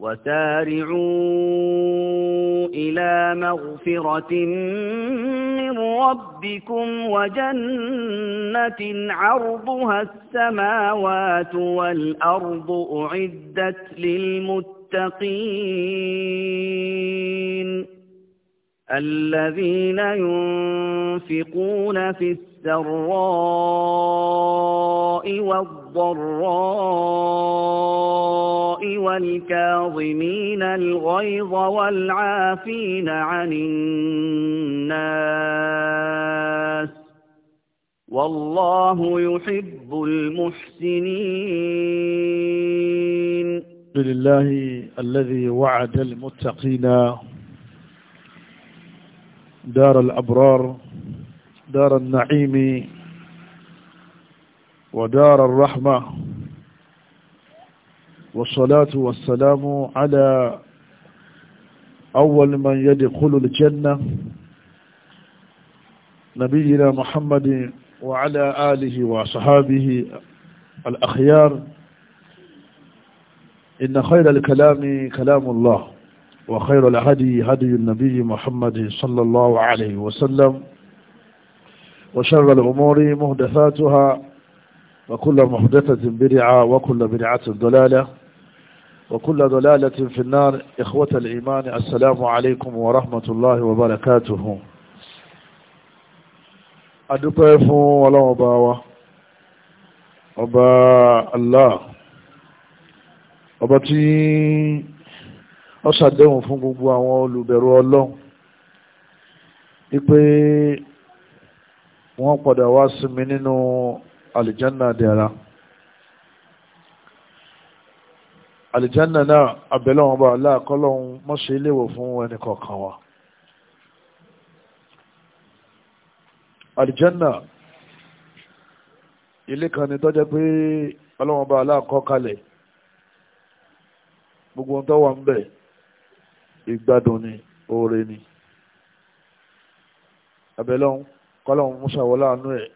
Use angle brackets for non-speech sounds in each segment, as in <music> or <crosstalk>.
وسارعوا إلى مغفرة من ربكم وجنة عرضها السماوات والأرض أعدت للمتقين الذين ينفقون في السراء والضراء والكاظمين الغيظ والعافين عن الناس والله يحب المحسنين لله الذي وعد المتقين دار الأبرار دار النعيم ودار الرحمة والصلاة والسلام على أول من يدخل الجنة نبينا محمد وعلى آله وصحابه الأخيار إن خير الكلام كلام الله وخير الهدي هدي النبي محمد صلى الله عليه وسلم وشر الأمور مهدثاتها وكل مهدثة بدعة وكل بدعة ضلالة وكل ضلالة في النار إخوة الإيمان السلام عليكم ورحمة الله وبركاته أدقف ولا أباوة أبا الله أبتي ó ṣàdéhùn fún gbogbo àwọn olùbẹ̀rù ọlọ́run wípé wọ́n padà wá sinmi nínú àlìjánà dẹ̀ra àlìjánà náà abẹ́lọ́wọ́n bá aláàkọ́lọ́hún mọ́ṣe iléèwọ̀ fún ẹnì kọ̀ọ̀kan wa àlìjánà ilé kan ni tọ́jẹ́ pé ọlọ́wọ́n bá aláàkọ́ kalẹ̀ gbogbo ohun tó wà ń bẹ̀ẹ́ ìgbádùn ni oore ni abẹ́lọ́hún kọ́lọ́hún musa wọlé àánú ẹ̀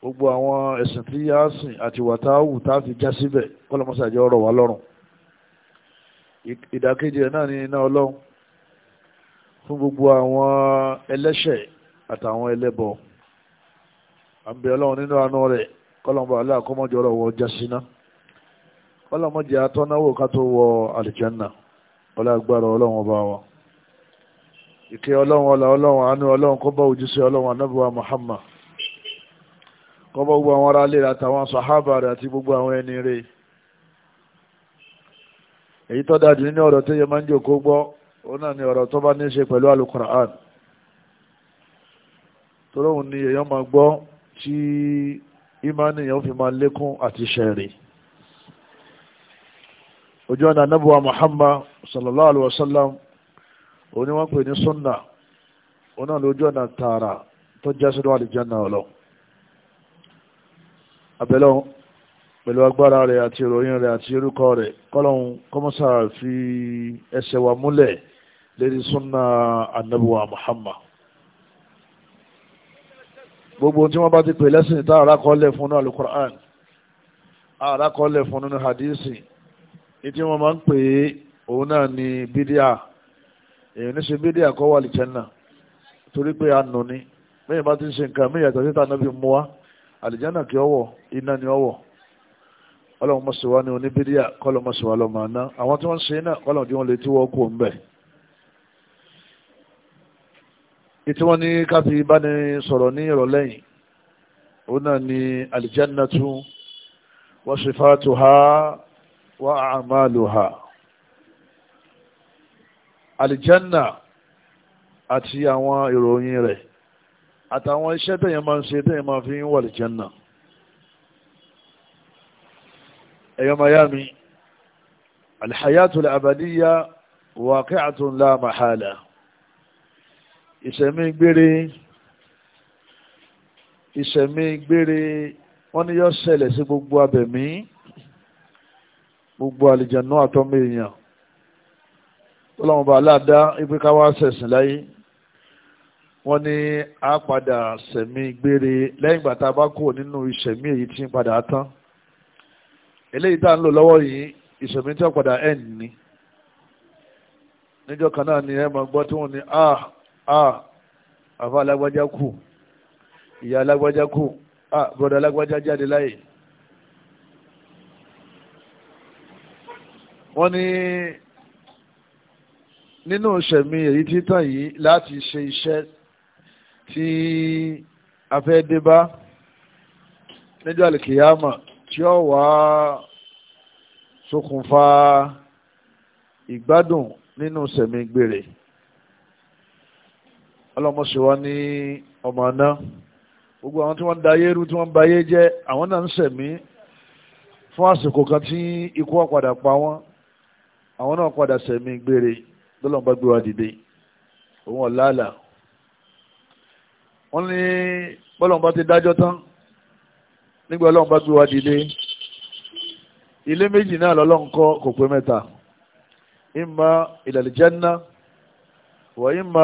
gbogbo àwọn ẹ̀sìn tí yá sìn àti wàtáwù tá a fi já síbẹ̀ kọ́lọ́hún musa jẹ́ ọ̀rọ̀ wá lọ́rùn ìdàkejì ẹ̀ náà ni iná ọlọ́run fún gbogbo àwọn ẹlẹ́ṣẹ̀ àtàwọn ẹlẹ́bọ àbẹ̀ ọlọ́run nínú àánú rẹ̀ kọ́lọ́hún bàálẹ̀ àkọ́mọ́jọ́rọ̀ wọ já síná ọlọ́mọdé atọ́náwó ká tó wọ àlìjánà ọlágbára ọlọ́run ọba wa ìkẹ́ ọlọ́run ọlá ọlọ́run àánú ọlọ́run kó bá òjíṣẹ́ ọlọ́run anábùwà Muhammad kó bá gbogbo àwọn ará lè àtàwọn sàhábà rẹ̀ àti gbogbo àwọn ẹni rẹ̀ èyí tó dájú nínú ọ̀rọ̀ tó yẹ máa ń jòkó gbọ́ òun náà ni ọ̀rọ̀ tó bá ní í ṣe pẹ̀lú alukura'an toróhùn ni èèyàn máa gbọ́ tí ìmánìyàn fi máa lékún àti ṣẹ̀rìn ojú ọ̀nà anábùwà Muhammad sallallahu alayhi wa sallam òní wọ́n pè ní sunna òun náà lójú ọ̀nà tààrà tó já sínú àlìjáná ọlọ́ abẹ́lẹ́ pẹ̀lú agbára rẹ̀ àti ìròyìn rẹ̀ àti orúkọ rẹ̀ kọ́lọ́hún kọ́mọ́sà fi ẹsẹ̀ wa múlẹ̀ lérí sunna anábùwà Muhammad gbogbo tí wọ́n bá ti pè lẹ́sìn tá àrà kọ́lẹ̀ fún náà Al-Qur'an àrà fún nínú hadisi ìtí wọn máa ń pè é òun náà ni bídíà èyí ní ṣe bídíà kọ́ wà lìjẹ́nà torí pé a nù ni bẹ́ẹ̀ bá ti ń ṣe nǹkan mí ìyàtọ̀ síta náà fi mú wa àlìjẹ́nà kí ọwọ́ iná ni ọwọ́ ọlọ́run mọ̀ sí wa ní oníbídíà kọ́lọ́ mọ̀ sí wa lọ́mọ àná àwọn tí wọ́n ṣe náà kọ́lọ́ tí wọ́n lè tí wọ́n kú ń ìtí wọ́n ní ká fi bá ní sọ̀rọ̀ ní òun náà ni àlìjẹ́nà tún wa sifatuha wa àmàlùhà àlìjánà àti àwọn ìròyìn rẹ̀ àtàwọn iṣẹ́ tẹ̀yẹ̀ máa ń ṣe tẹ̀yẹ̀ máa fi ń wà àlìjánà ẹ̀yọ́ miami alhayatul abadiyya waqi'atun la mahala ìṣẹ̀mí gbére ìṣẹ̀mí gbére wọ́n ní yó ṣẹlẹ̀ sí gbogbo abẹ̀mí gbogbo àlìjànú àtọ́mọ èèyàn ọlọ́run bá aláàdá ipe ká wá ṣẹ̀sìn láyé wọ́n ní a padà sẹ̀mí gbére lẹ́yìn ìgbà tá a bá kú nínú ìṣẹ̀mí èyí tí ń padà tán eléyìí tá à ń lò lọ́wọ́ yìí ìṣẹ̀mí tí ó padà ẹ̀ ní níjọ́ kan náà ni ẹ máa gbọ́ tí wọ́n ní a ah, a ah, àfa alágbájá kù ìyá alágbájá kù a ah, bọ̀dọ̀ alágbájá jáde láyé wọ́n ní nínú ìṣẹ̀mí èyí títàn yìí láti ṣe iṣẹ́ tí a fẹ́ dé bá níjọ́ àlìkìyàmà tí ó wá ṣokùnfà ìgbádùn nínú ìṣẹ̀mí gbére ọlọ́mọṣẹ́wá ní ọmọ náà gbogbo àwọn tí wọ́n ń da ayé rú tí wọ́n ń ba ayé jẹ́ àwọn náà ń ṣẹ̀mí fún àsìkò kan tí ikú ọ̀padà pa wọ́n àwọn náà padà sẹ̀mí gbére lọ́lọ́n bá gbé wa dìde òun ọ̀làlà wọ́n ní bọ́lọ́n bá ti dájọ́ tán nígbà ọlọ́run bá gbé wa dìde ilé méjì náà lọ́lọ́run kọ́ kò pé mẹ́ta imma ilal janna wa imma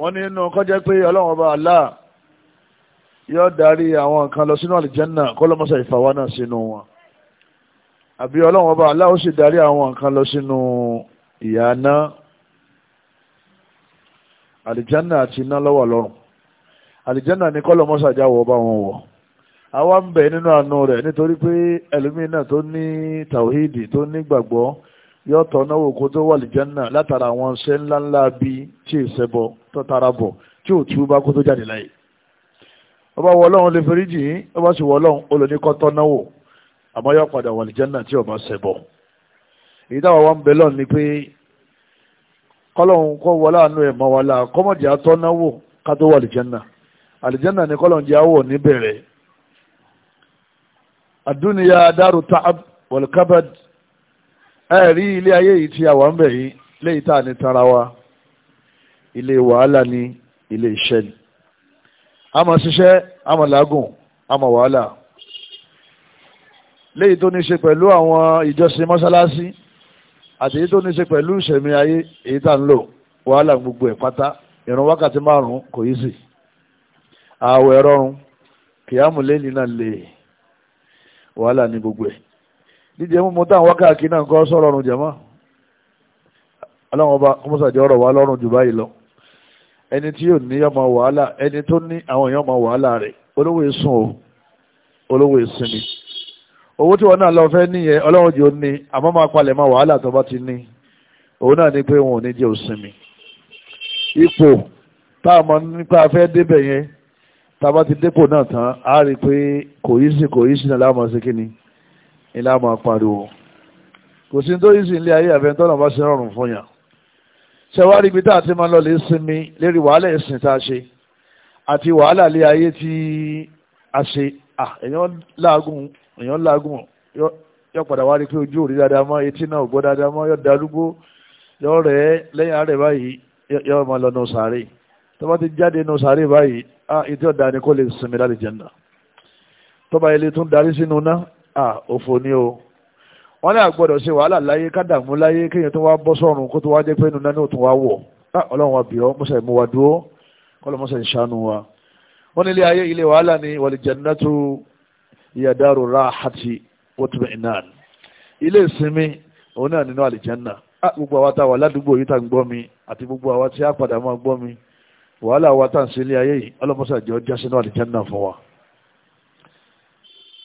wọ́n ní inú kọjá pé ọlọ́run ọba Allah yóò darí àwọn kan lọ sínú àlìjẹ́nà kọ́lọ́mọ́sà ìfàwa náà sínú wọn àbí ọlọ́run ọba aláwo sì darí àwọn nǹkan lọ sínú ìyá náà àlìjánà àti iná lọ́wọ́ lọ́rùn àlìjánà ní kọ́lọ̀ mọ́sàájà wọ̀ ọba wọn wọ̀ àwa ń bẹ̀ nínú àánú rẹ̀ nítorí pé ẹlòmínà tó ní tàwíìdì tó ní gbàgbọ́ yóò tọ́ náwó kó tó wà àlìjánà látara àwọn ṣẹ́ ńláńlá bí tí ìṣẹ́bọ tó tara bọ̀ tí ò tú bá kó tó jáde láyé ọba wọ ọlọ́run lè foríjì ọba sì wọ ọlọ́run olùníkọ́ tọ́ náwó àmọ́ yóò padà wà lìjánà tí ọba ṣẹbọ èyí táwọn wa ń bẹ lọ́ọ̀ ni pé kọ́lọ́hún kọ́ wọlé àánú ẹ̀ mọ́ wa la kọ́mọ̀dé atọ́náwó ká tó wà lìjánà àlìjánà ni kọ́lọ́hún jẹ́ àwọ̀ níbẹ̀rẹ̀ àdúnìyà dárò táàb wọ̀lùkábàd ẹ̀rí ilé ayé yìí tí a wà ń bẹ̀ yìí léyìí tá a ní tara wa ilé wàhálà ni ilé iṣẹ́ ni a máa ṣiṣẹ́ a máa làágùn a máa wàhálà léyìí tó ní ṣe pẹ̀lú àwọn ìjọsìn mọ́sálásí àti èyí tó ní ṣe pẹ̀lú ìṣẹ̀mí ayé èyí tá ń lò wàhálà gbogbo ẹ̀ pátá ìrun wákàtí márùn-ún kò yí sí ààwẹ̀ rọrùn kìyàmù lẹ́yìn náà lè wàhálà ní gbogbo ẹ̀ dídí mú táwọn wákàtí náà kọ́ sọ̀rọ̀ ọ̀run jẹ̀mọ́ aláwọ̀n bá kọ́mọ́sàjọ́ ọ̀rọ̀ wa lọ́rùn jù báyìí lọ ẹni tí yóò ní owó tí wọn náà lọ fẹ́ níyẹn ọlọ́run jò ní àmọ́ máa palẹ̀ mọ́ wàhálà tó bá ti ní òun náà ni pé wọn ò ní jẹ́ òsinmi ipò tá a mọ nípa fẹ́ débẹ̀ yẹn tá a bá ti dépò náà tán á rí i pé kò yí sí kò yí sí náà láàmú sí kíni ni láàmú pariwo kò sí tó yí sí ilé ayé àfẹnutọ́nà bá ṣe rọrùn fún yàn ṣẹwárí ibi tá a ti máa lọ lè sinmi lérí wàhálà ẹ̀sìn tá a ṣe àti wàhálà ilé ayé tí a ṣe à èèyàn láàgùn èèyàn lágùn yọ padà wá rí pé ojú òrí dáadáa mọ́ etí náà ò gbọ́ dáadáa mọ́ yọ darúgbó yọ rẹ̀ lẹ́yìn àárẹ̀ báyìí yọ ọmọ lọ nù sàárè tó bá ti jáde nù sàárè báyìí ah ìdí ọ̀dà ni kò lè sinmi láti jẹun náà tó bá ilé tún darí sínú náà ah òfò ni o wọ́n ní àgbọ̀dọ̀ ṣe wàhálà láyé kádàmú láyé kéèyàn tó wá bọ́ sọ́run kó tó wá jẹ́ pé nínú náà tó wá wọ̀ ọlọ́run wa bìọ́ mọ́sẹ̀ mú wa dúró ni wal jannatu ìyá dárò ráhàtì wọ́túmẹ̀nán ilé ìsinmi òun náà nínú àlìjánná gbogbo àwa tá a wà ládùúgbò yìí tá a ń gbọ́ mi àti gbogbo àwa tí a padà máa gbọ́ mi wàhálà wa tá à ń ṣe ilé ayé yìí ọlọ́mọṣàjẹ́ ọjà sínú àlìjánná fún wa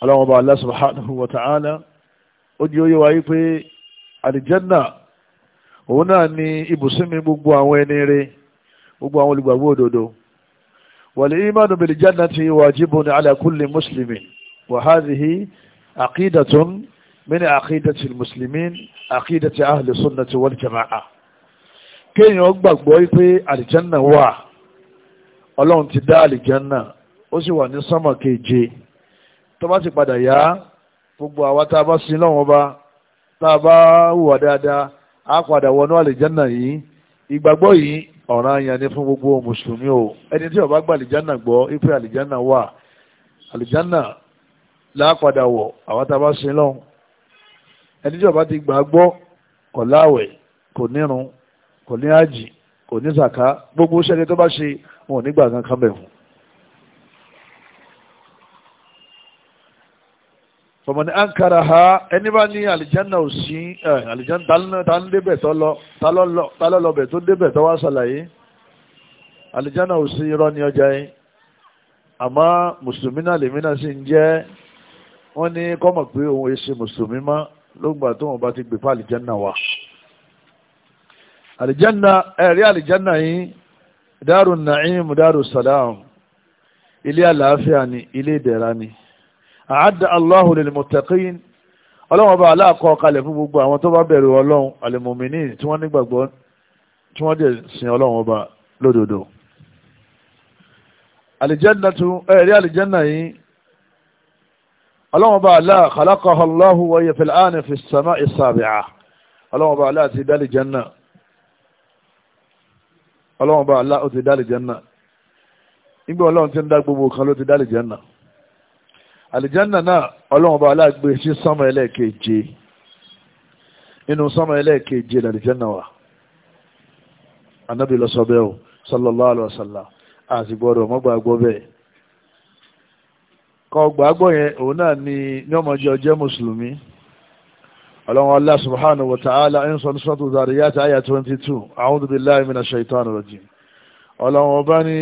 ọlọ́wọ́n bá Allah subhanahu wa ta'ala ó di oyé wa yí pé àlìjánná òun náà ni ibùsínmi gbogbo àwọn ẹni rẹ gbogbo àwọn olùgbàgbọ́ òdodo wal imanu bil jannati wajibun ala kulli muslimin وهذه عقيدة من عقيدة المسلمين عقيدة أهل السنة والجماعة kéèyàn gbàgbọ́ wípé àlìjánà wà ọlọ́run ti dá àlìjánà ó sì wà ní sánmà keje tó bá ti padà yá gbogbo àwa tá a bá sin lọ́wọ́n bá tá a bá hùwà dáadáa á padà wọnú àlìjánà yìí ìgbàgbọ́ yìí ọ̀ràn àyàn ni fún gbogbo mùsùlùmí o ẹni tí ó bá gba àlìjánà gbọ́ wípé àlìjánà wà àlìjánà láàpadà wọ̀ àwọn tá a bá sin lọ́hùn ẹni tí ó bá ti gbà gbọ́ kò láwẹ̀ kò nírun kò ní àjì kò ní sàká gbogbo sẹ́ni tó bá ṣe wọn ò ní gbà kankan bẹ̀ fún. fọmọdé ankara ha ẹni bá ní àlìjánà ò sí àlìjánà tá ń débẹ̀ tó lọ tá lọ́ lọ́bẹ̀ tó débẹ̀ tó wá ṣàlàyé àlìjánà ò sí ní ọjà yìí àmọ́ mùsùlùmí náà lèmi náà sì ń jẹ́ wọ́n ní kọ́mọ̀ pé òun èsì mùsùlùmí mọ́ lóògbà tó wọn bá ti gbé fún àlìjánná wa àlìjánná ẹ̀rí àlìjánná yìí dárò nàìm dárò sàdáàm ilé àlàáfíà ni ilé ìdẹ̀ra ni àádá Allahu lil muttaqin ọlọ́wọ́n bá aláàkọ́ kalẹ̀ fún gbogbo àwọn tó bá bẹ̀rù ọlọ́run àlìmọ̀mìnì tí wọ́n nígbàgbọ́ tí wọ́n dẹ̀ sin ọlọ́run ọba lódodo àlìjánná tún ẹ̀rí àlìjánná yìí ọlọ́wọ́n bá aláà khalaqaha Allahu wa hiya fil aani fi as-samaa'i as-saabi'a ọlọ́wọ́n bá aláà ti dálì jẹ́nà ọlọ́wọ́n bá aláà ó ti dálì jẹ́nà nígbà ọlọ́run ti ń dá gbogbo kan ló ti dálì jẹ́nà àlìjẹ́nà náà ọlọ́wọ́n bá aláà gbé sí sánmà ẹlẹ́ẹ̀keje inú sánmà ẹlẹ́ẹ̀keje làlìjẹ́nà wà anábì lọ bẹ́ẹ̀ o sallallahu àti gbọ́dọ̀ mọ́gbàgbọ́ bẹ́ẹ̀ kọ gbàgbọ́ yẹn òun náà ni ní ọmọdé ọjọ́ mùsùlùmí ọlọ́run Allah subhanahu wa ta'ala ń sọ ní sọ́tò zariyat àyà 22 a'udhu billahi minash shaitani rajim ọlọ́run ọba ni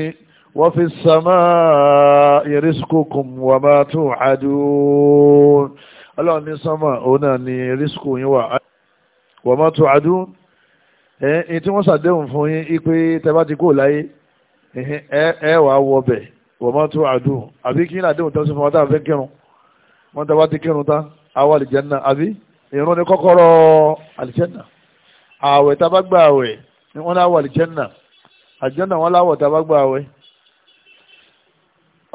wa fi s-samaa'i rizqukum wa ma tu'adun ọlọ́run ní sánmà òun náà ni rísíkù yín wà wa ma tu'adun ẹ̀ tí wọ́n ṣàdéhùn fún yín pé tẹ́ bá ti kó láyé ẹ̀ wàá wọ bẹ̀ wọ́n máa tún àdùn àbí kí ní àdéhùn tó ń sọ fún wa tá a fẹ́ kírun wọ́n tẹ́ wá ti kírun tán àwa àlìjẹ́nà àbí ìrún ni kọ́kọ́rọ́ àlìjẹ́nà ààwẹ̀ tá a bá gba ààwẹ̀ ni wọ́n láwọ̀ àlìjẹ́nà àlìjẹ́nà wọ́n láwọ̀ tá a bá gba ààwẹ̀.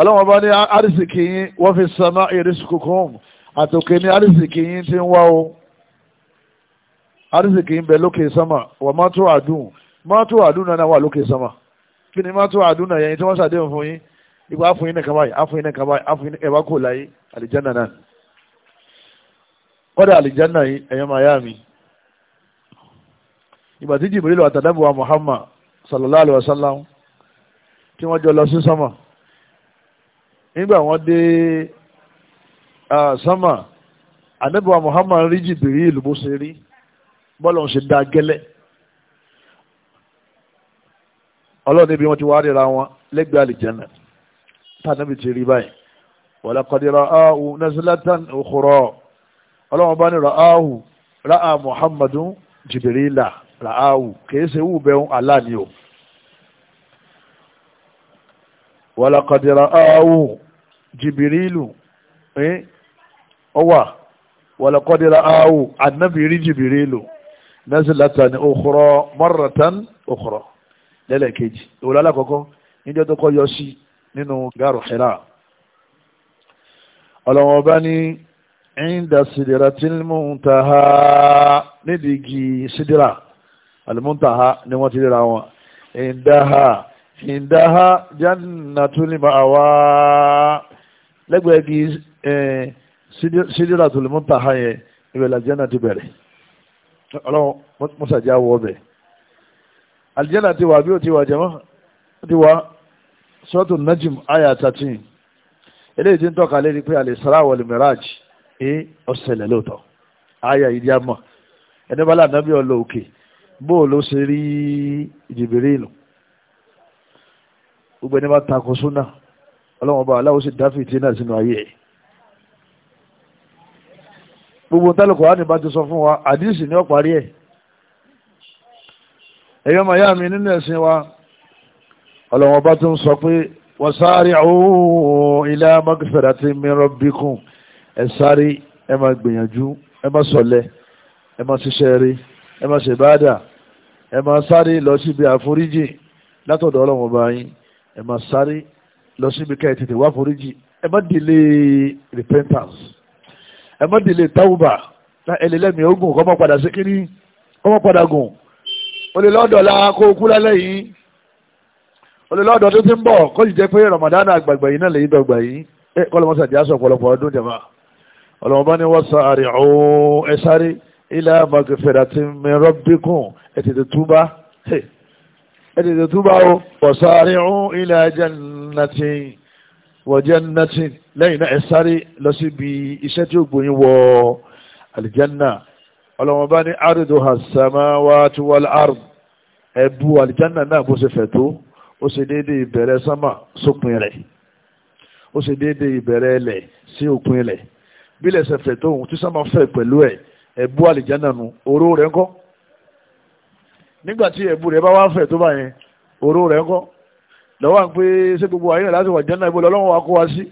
ọlọ́wọ́n bá ní àrísìkì yín wọ́n fi sàmá iriskukum àtòkè ní àrísìkì yín ti ń wá o àrísìkì yín bẹ lókè sánmà wọ́n ìgbà àfún iná kaba yìí àfún iná kaba yìí àfún iná ẹ̀wá kò láyé àlìjánà náà kọ́dà àlìjánà yìí ẹ̀yàn máa yá mi ìgbà tí Jibril àtàdábùwà Muhammad sallallahu alayhi wa sallam tí wọ́n jọ lọ sí sọ́mà nígbà wọ́n dé sọ́mà ànábùwà Muhammad rí Jibril ìlú bó ṣe rí bọ́ọ̀lù ọ̀hún ṣe dá gẹ́lẹ́ ọlọ́run níbi wọ́n ti wá ríra wọn lẹ́gbẹ̀ẹ́ àlìjánà tánàbì ti rí báyìí wàlá kọ́dí ra'áhù nazlatan ukhra ọlọ́run bá ní ra'áhù ra'a muhammadu jibirila ra'áhù kìí ṣe wù bẹ́ẹ̀ Allah ni o wàlá kọ́dí ra'áhù jibirilu ọwà wàlá kọ́dí ra'áhù annabi rí jibirilu nazlatan ukhra marratan ukhra lẹ́lẹ̀kejì ìwòlá alákọ̀ọ́kọ́ níjọ́ tó kọ́ yọ sí i nínú gáàrù Hira ọlọ́wọ́n bá ní inda sidratil muntaha nídìí igi sidira al-muntaha ni wọ́n ti ríra wọn indaha indaha jannatul ma'wa lẹ́gbẹ̀ẹ́ igi eh, sidiratul muntaha yẹn ìbẹ̀lẹ̀ janna ti bẹ̀rẹ̀ ọlọ́wọ́n mọ́sàdí àwọ̀ ọbẹ̀ aljanna ti wà bí ó ti wà jẹ́mọ́ ó ti wà sọ́tún najim aya 13 eléyìí tí ń tọ́ka lérí pé al-Isra wal ẹ ọ̀sẹ̀lẹ̀ lóòótọ́ aya yìí díàmọ̀ ẹni bá lànàbí ọlọ òkè bóò ló ṣe rí Jibrilu gbogbo ẹni bá takò súnà ọlọ́wọ́n bá aláwọ̀ sì dá fìtínà sínú ayé ẹ̀ gbogbo tálùkọ̀ á ní bá ti sọ fún wa àdìsí ní ọ̀parí ẹ̀ ẹ̀yọ́ màyá mi nínú ẹ̀sìn wa ọlọ́wọ́n bá tún sọ pé wọ́n sáré àwọn ilé amágbèsàdá ti mìíràn bí kùn ẹ sáré ẹ máa gbìyànjú ẹ máa sọlẹ ẹ máa ṣiṣẹ́ rí ẹ máa ṣèbáàdà ẹ máa sáré lọ síbi àforíjì látọ̀dọ̀ ọlọ́wọ́n bá yín ẹ máa sáré lọ síbi ká ẹ tètè wá àforíjì ẹ má dìlé repentance ẹ má dìlé tawuba ẹ lè lẹ́mìí ogun kọ́ mọ́ padà sí kínní kọ́ mọ́ padà gùn ó lè lọ́dọ̀ la kó kú lálẹ́ yìí olùlọ́dọ̀ tó ti ń bọ̀ kó sì jẹ́ pé Ramadan àgbàgbà yìí náà lè yí dọ̀gbà yìí ẹ kọ́lọ́mọ́sà jẹ́ aṣọ ọ̀pọ̀lọpọ̀ ọdún jẹ̀mọ́ ọlọ́mọba ni wọ́n sa àrè ọ̀hún ẹ sáré ilẹ̀ amagẹ̀fẹ̀dà ti mẹ́rọ bíkùn ẹ tètè túbá ẹ tètè túbá o wọ́n sa àrè ọ̀hún ilẹ̀ ajẹ́nàtì wọ̀jẹ́nàtì lẹ́yìn náà ẹ sáré lọ síbi iṣẹ́ tí ó gbòyìn wọ àlìjẹ́nà ọlọ́mọba ni àrídò hàsámáwá tí wọ́n lárùn ẹ bu àlìjẹ́nà náà bó ṣe fẹ̀ tó ó ṣe déédéé ìbẹ̀rẹ̀ sámà sópin rẹ̀ ó ṣe déédéé ìbẹ̀rẹ̀ ẹlẹ̀ sí òpin rẹ̀ bí lẹ́sẹ̀ fẹ̀ tó ohun tí sámà fẹ̀ pẹ̀lú ẹ̀ ẹ̀bú àlìjánà nu oró rẹ̀ ńkọ́ nígbà tí ẹ̀bú rẹ̀ bá wá fẹ̀ tó bá yẹn oró rẹ̀ ńkọ́ lọ́wọ́ à ń pé ṣé gbogbo àyìnlá láti wà jẹ́nà ìbò lọ́wọ́ wa kó wa sí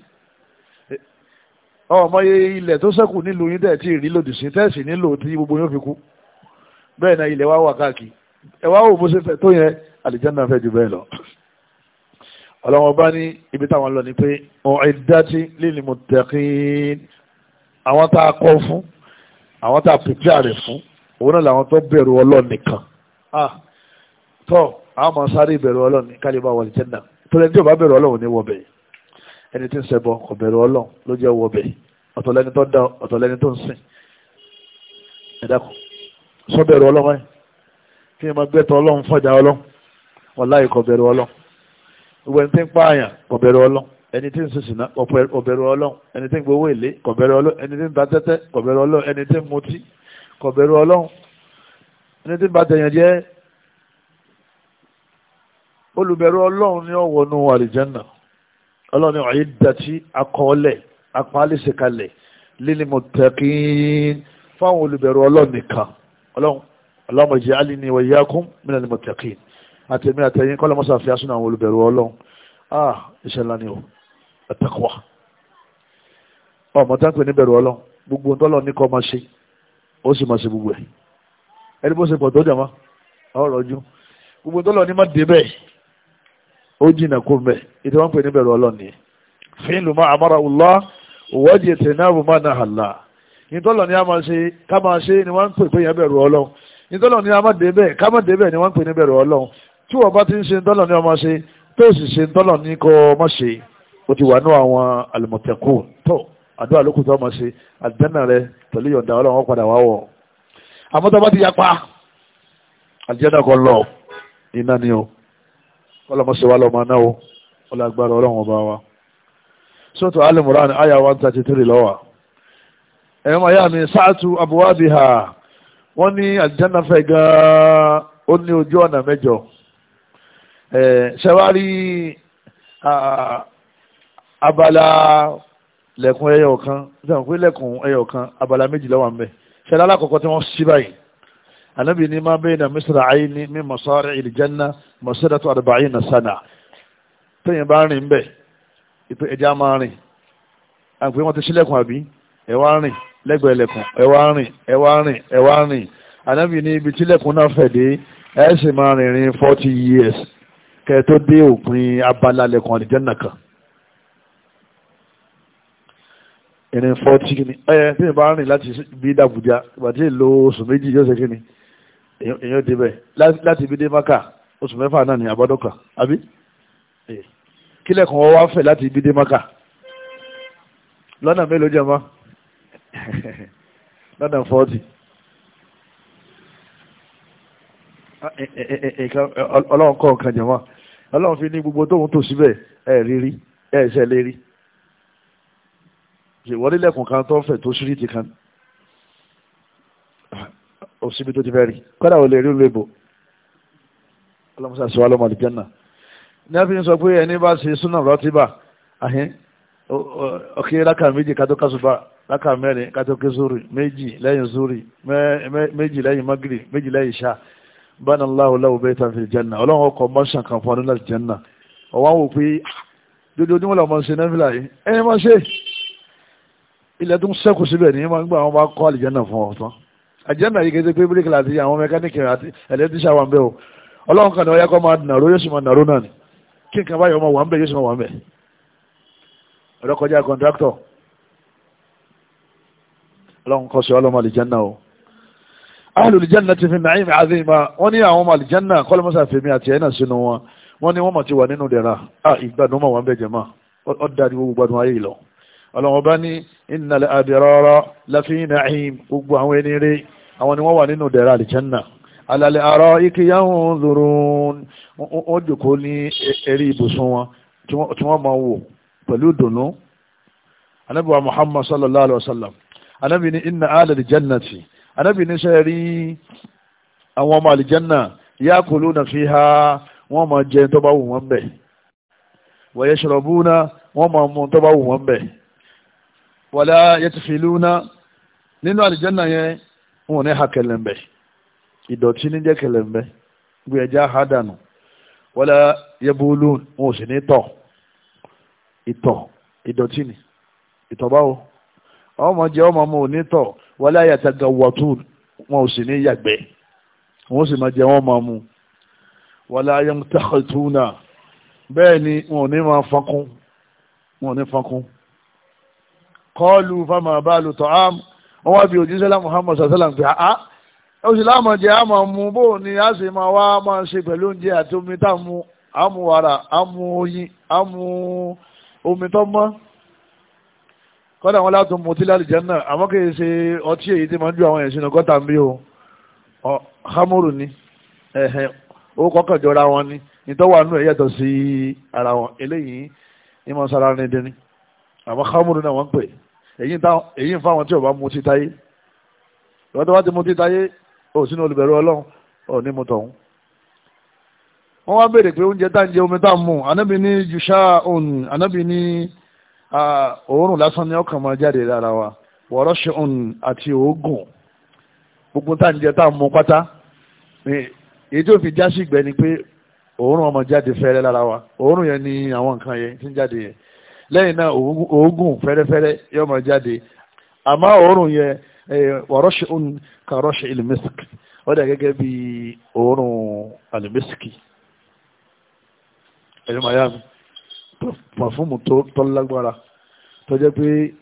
ọmọ ilẹ̀ tó ṣẹ́kù nílùú yín tẹ̀ tí ì rí lòdì sí tẹ́ẹ̀sì nílò tí gbogbo yóò fi kú bẹ́ẹ̀ náà ilẹ̀ wa wà káàkiri ẹ wá wò bó ṣe fẹ́ tó yẹn àlìjánà fẹ́ ju bẹ́ẹ̀ lọ ọlọ́wọ́n bá ní ibi táwọn lọ ni pé ọ̀ẹ́dájí lílì mọ̀tẹ́kín àwọn tá a kọ́ fún àwọn tá a pèpè rẹ̀ fún òun náà làwọn tó bẹ̀rù ọlọ́ọ̀ nìkan ah, tọ́ àwọn máa sáré ìbẹ̀rù ọlọ́ọ̀ ní kálíbà wọlé jẹ́nà tọ́lẹ̀ tí ò bá bẹ̀rù ọlọ́ọ̀ ní wọ̀bẹ̀ ẹni tí ń ṣẹbọ kò bẹ̀rù ọlọ́ọ̀ ló jẹ́ wọ̀bẹ̀ ọ̀tọ̀lẹ́ni tó dá ọ̀tọ̀lẹ́ni gbogbo ẹni tí ń pààyàn kò bẹ̀rù ọlọ́run ẹni tí ń sísìnà kò bẹ̀rù ọlọ́run ẹni tí ń gbowó èlé kò bẹ̀rù ọlọ́run ẹni tí ń ta tẹ́tẹ́ kò bẹ̀rù ọlọ́run ẹni tí ń mutí kò bẹ̀rù ọlọ́run ẹni tí ń ba tẹ̀yàn jẹ́ olùbẹ̀rù ọlọ́run ni ó wọnú àlìjẹ́nà ọlọ́run ni ọ̀yẹ́ dàtí akọọ́lẹ̀ apálẹ́sẹ̀kalẹ̀ lílímọ̀tẹ́kín fáwọn olùbẹ̀rù ọlọ́run nìkan ọlọ́run àtẹ̀mí àtẹ̀yìn kọ́lọ́ mọ́sá fi asúnà àwọn olùbẹ̀rù ọlọ́run ah iṣẹ́ ńlá ni o ẹ̀tẹ̀kùwà ọmọ táǹpẹ̀ níbẹ̀rù ọlọ́run gbogbo ntọ́lọ́ ní kọ́ máa ṣe ó sì máa ṣe gbogbo ẹ̀ ẹni bó ṣe gbogbo ntọ́lọ́ ní má ó kó wọn pè níbẹ̀rù ọlọ́run ni ètè náà a ṣe ká ṣe ni wọ́n ń pè a tí wọ́n bá ti ń ṣe dọ́là ní ọmọ ṣe tó sì ṣe dọ́là ní kọ́ ọmọ ṣe ó ti wà ní àwọn àlùmọ̀tẹ́kù tó àdúrà lókù tó ọmọ ṣe àdánà rẹ pẹ̀lú yọ̀ǹda ọlọ́run padà wá wọ̀ àmọ́ tó bá ti yapa àjẹ́dá kan lọ iná ni o kọ́lọ́mọṣẹ́ wa lọ́mọ náà o ọlọ́gbàrá ọlọ́run ọba wa sọ́tọ̀ alimuran aya one thirty three lọ́wọ́ ẹ̀yọ́ máa yá mi sáàtù àbúwábìhà wọ́n ní àjẹ́nà fẹ́ gan-an ó ní ojú ọ̀nà mẹ́jọ ṣẹwárí abala lẹ̀kùn ẹyọ kan sẹ́wọ̀n pé lẹ̀kùn ẹyọ kan abala méjì ló wà ń bẹ̀ ṣẹlẹ̀ alákọ̀ọ́kọ́ tí wọ́n ṣí báyìí anabi ni ma bẹ́ẹ̀ na misra ayi ni mi masari ilijanna masira tó arba'in na sana tẹ́yìn bá rìn bẹ́ẹ̀ ètò ẹja máa rìn àpè wọn ti ṣílẹ̀kùn àbí ẹwà rìn lẹ́gbẹ̀ẹ́ lẹ̀kùn ẹwà rìn ẹwà rìn ẹwà rìn anabi ni ibi tí lẹ̀kùn náà fẹ̀ dé ẹ̀ sì máa rìnrìn forty years kẹ tó dé òpin abala lẹ́kùn àlìjẹ́nà kan ìrìn fọ́tí kìíní ẹ tí ìbá rìn láti bí dàbújá ìgbà tí ìlò oṣù méjì yóò ṣe kìíní èyàn débẹ̀ láti bí dé maka oṣù mẹ́fà náà ní abádọ́kà àbí kílẹ̀kùn wọ́n wá fẹ̀ láti bí dé maka lọ́nà mélòó jẹ́ mọ́ lọ́nà fọ́tí ọlọ́run kọ́ nǹkan jẹ́ mọ́ ọlọ́run fi ní gbogbo tóun tò síbẹ̀ ẹ̀ rírí ẹ̀ ṣe lérí ìwọlé lẹ́kùn kan tó ń fẹ̀ tó síríìtì kan òsibí tó ti fẹ́ rí kọ́dà ò lè rí olóògbò ọlọ́mọṣà sọ́wọ́ lọ́mọ àdìjẹ́ náà ní wọ́n fi ń sọ pé ẹni bá ṣe súnà rọ́tíbà àhín ọkẹ́ rákà méjì kátó kásùbà rákà mẹ́rin kátó ké méjì lẹ́yìn sórí méjì lẹ́yìn magiri méjì lẹ́yìn ṣáà bana Allahu lahu baytan fil janna ọlọ́run ọkọ̀ mọ́ṣán kan fún ọdún láti janna ọwọ́ àwọn òpin dojoojúmọ́ làwọn ṣe náfìlà yìí ẹni máa ṣe ilẹ̀ tó ń ṣẹ́kù síbẹ̀ ní máa ń gbà wọn bá kọ́ àlìjánà fún ọ tán àjẹ́nà yìí kéde pé bíríkì láti àwọn mẹkáníkì àti ẹlẹ́tíṣà wà ń bẹ̀ o ọlọ́run kan ní ọyá kọ́ máa nàró yóò sì máa nàró náà ni kí nǹkan báyọ̀ máa wà ń bẹ̀ yóò sì máa wà ń bẹ̀ ọ̀dọ́ kọjá ọlọ́run kọ́ sí ọlọ́mọ àlìjánà o alùlùjẹ́nà ti fi nàìm àdìmá wọ́n ní àwọn ọmọ àlùjẹ́nà kọ́lọ́mọ́sà fèmí àti ẹ̀nà sínú wọn wọ́n ní wọ́n mọ̀ ti wà nínú dẹ̀ra ìgbàdùn mọ̀ wọn bẹ̀ jẹ̀mọ́ ó dárí gbogbo gbádùn ayé lọ. ọlọ́run bá ní innal abrara lafi nàìm gbogbo àwọn ẹni rẹ̀ àwọn ni wọ́n wà nínú dẹ̀ra àlùjẹ́nà alàlẹ́ àrọ́ ike yanzurun wọ́n jòkó ní ẹ̀rí ibùsùn wọn tí wọ́n máa wò pẹ̀lú dùnú anábìwá Muhammad sallallahu alayhi wa sallam anábì ní inna alal jannati anábì níṣẹ́ rí àwọn ọmọ àlìjẹ́nà yakuluna fiha wọ́n máa jẹ tó bá wù wọ́n bẹ̀ wa yashrabuna wọ́n máa mu tó bá wù wọ́n bẹ̀ wala yatfiluna nínú àlìjẹ́nà yẹn wọn ní ha kẹlẹ̀mbẹ̀ ìdọ̀tí ní jẹ́ kẹlẹ̀mbẹ̀ gbé ẹja ha dànù wala yabulun wọn ò sì ní tọ̀ ìtọ̀ ìdọ̀tí ni ìtọ̀ ọmọ jẹ́ ọmọ mu ní tọ̀ wala yatagawwatun wọn ò sì ní yàgbẹ́ wọ́n sì máa jẹ wọ́n máa mu wala yamtakhatuna bẹ́ẹ̀ ni wọn ò ní máa fankún wọn ò ní fankún qalu fama balu ta'am wọ́n wá bí òjíṣẹ́ lá Muhammad sàṣẹ́lá ń pè á ó sì láàmà jẹ́ mú bó ni a sì máa wá máa ṣe pẹ̀lú oúnjẹ àti omi tá a mú àmú wàrà àmú oyin àmú omi tó mọ́ kọ́dà wọn látún mutí lálìjánná àmọ́ kìí ṣe ọtí èyí tí máa ń ju àwọn ẹ̀sìn ọgọ́ta ń bí o hamuru ni ó kọ́kàn jọra wọn ni ìtọ́wà nù ẹ̀ yàtọ̀ sí ara wọn eléyìí ní mọ̀ sára ní dẹni àmọ́ hamuru náà wọ́n pè èyí ń fáwọn tí ò bá mutí táyé ìwọ́n tó ti mutí táyé ò sínú olùbẹ̀rù ọlọ́run ò ní mu tọ̀hún wọ́n wá béèrè pé oúnjẹ tá omi tá anábì ní jùṣà òun anábì ní. aa lásán ni ọkàn máa jáde lára wa wọ̀rọ̀ ṣeun àti òógùn gbogbo tá à tá fi já sí ìgbẹ́ ni pé òórùn ọmọ jáde fẹ́rẹ́ lára wa oorun yẹn ni àwọn nǹkan yẹn ti ń jáde yẹn lẹ́yìn náà òógùn fẹ́rẹ́fẹ́rẹ́ yóò máa jáde àmọ́ òórùn yẹn wọ̀rọ̀ṣẹ̀ òun kan rọ̀ṣẹ̀ ilmisk ó dà gẹ́gẹ́ bí òórùn alimiski ẹ̀yọ́ tó jẹ́ pé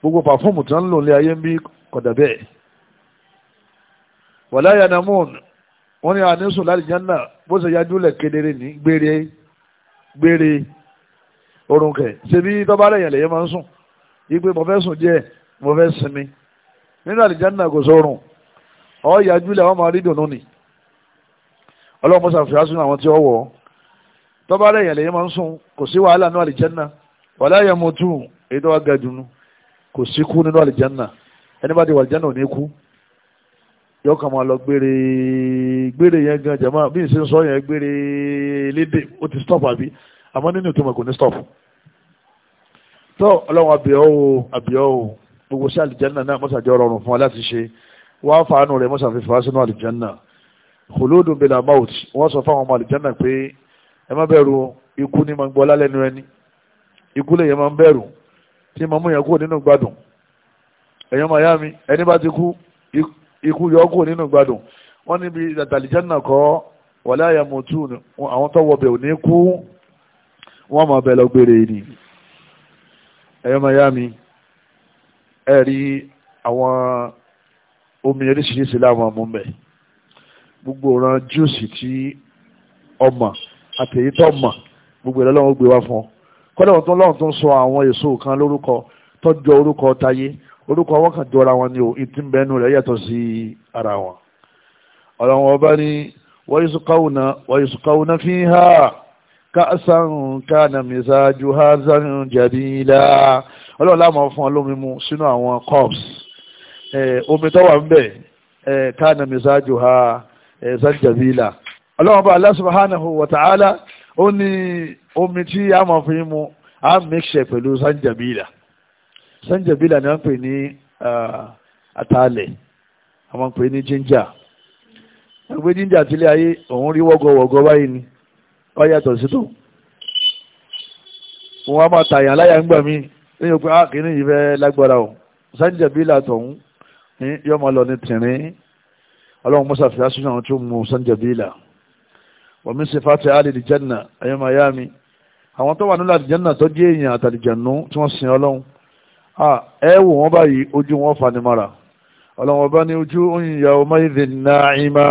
gbogbo pàfọ́ọ̀mù tí wọ́n ń lò ní ayé ń bí kọ̀dà bẹ́ẹ̀ wàlá yanamun wọ́n ní àníṣùn láti jẹ́nà bó ṣe yájú lẹ̀ kedere ní gbére gbére orun kẹ̀ ṣebí tọ́ba rẹ̀ yẹn lèyẹ máa ń sùn yípe mo fẹ́ sùn díẹ̀ mo fẹ́ sinmi nínú àlìjánà kò sórun ọ yájú lẹ̀ wọ́n máa rí dùnú ni ọlọ́run mọ́sá fi aṣọ àwọn tí ó wọ̀ tọ́ba èyí tó wá ga jùlọ kò sí kú nínú àlìjánà ẹni bá ti wà àlìjánà ò ní kú yóò kàn máa lọ gbére gbére yẹn gan jama bí n sọ yẹn gbére lédè ó ti stop àbí àmọ́ nínú ìtumọ̀ kò ní stop tó ọlọ́run àbíọ́ o àbíọ́ o gbogbo sí àlìjánà náà mọ́sàjọ́ rọrùn fún wa láti ṣe wá fàánù rẹ̀ mọ́sàfífà sínú àlìjánà khuludun bila maut wọ́n sọ fáwọn ọmọ àlìjánà pé ẹ má bẹ̀rù ikú ní ma gbọ́ lálẹ́nu ẹni ikú lè yẹ ma bẹ̀rù tí màmú yẹn kúrò nínú gbádùn ẹ̀yọ́ màyá mi ẹni bá ti kú ikú yọ kúrò nínú gbádùn wọ́n níbi àtàlìjánà kọ́ wàlẹ́ àyàmùtù àwọn tọ́wọ́ bẹ̀ ò ní kú wọ́n máa bẹ̀ lọ gbére ni ẹ̀yọ́ màyá mi ẹ̀ rí àwọn omi oríṣiríṣi láwọn ọmọ gbogbo ran júùsì tí ọmọ àtẹ̀yítọ́ ọmọ gbogbo ìlọ́lọ́wọ́ gbé wá fún ọ kọ́lẹ̀ wọn tó lọ́run tó ń sọ àwọn èso kan lórúkọ tọ́jọ orúkọ táyé orúkọ wọn kàn jọra wọn ni o ìtì ń bẹnu rẹ̀ yàtọ̀ sí ara wọn ọlọ́run ọba ni wọ́n yìí sùkàwùnà wọ́n yìí sùkàwùnà fi hà káàsán káànà mìsáájú házán jàdílá ọlọ́run láàmú fún olómi mu sínú àwọn cups omi tó wà ń bẹ̀ káànà mìsáájú ha zanjabila ọlọ́run ọba Allah subhanahu wa ta'ala ó ní omi tí a máa fi mu a mixẹ̀ pẹ̀lú sanjabila sanjabila ni wọ́n pè ní ah, atalẹ̀ a máa pè ní ginger ẹgbẹ́ ginger tilé ayé òun rí wọ́gọ́wọ́gọ́ báyìí ni ó yàtọ̀ sí tó wọn a máa tàyàn láyà ń gbà mí lẹ́yìn pé a ah, kìíní yìí fẹ́ lágbára o sanjabila tọ̀hún eh, yọmọ lọ ní tìrín ọlọ́run mọ́sàfíà sínú àwọn tó mu sanjabila wa min sifati alìlì jẹ́nà ẹ̀yọ́ miami àwọn tó wà nílò àlìjẹ́nà tó jẹ́ èèyàn àtàlìjẹ̀nú tí wọ́n sin ọlọ́run ẹ wò wọ́n báyìí ojú wọn fanimọ́ra ọlọ́run ọba ní ojú òyìnbá ọmọ ìdè náírà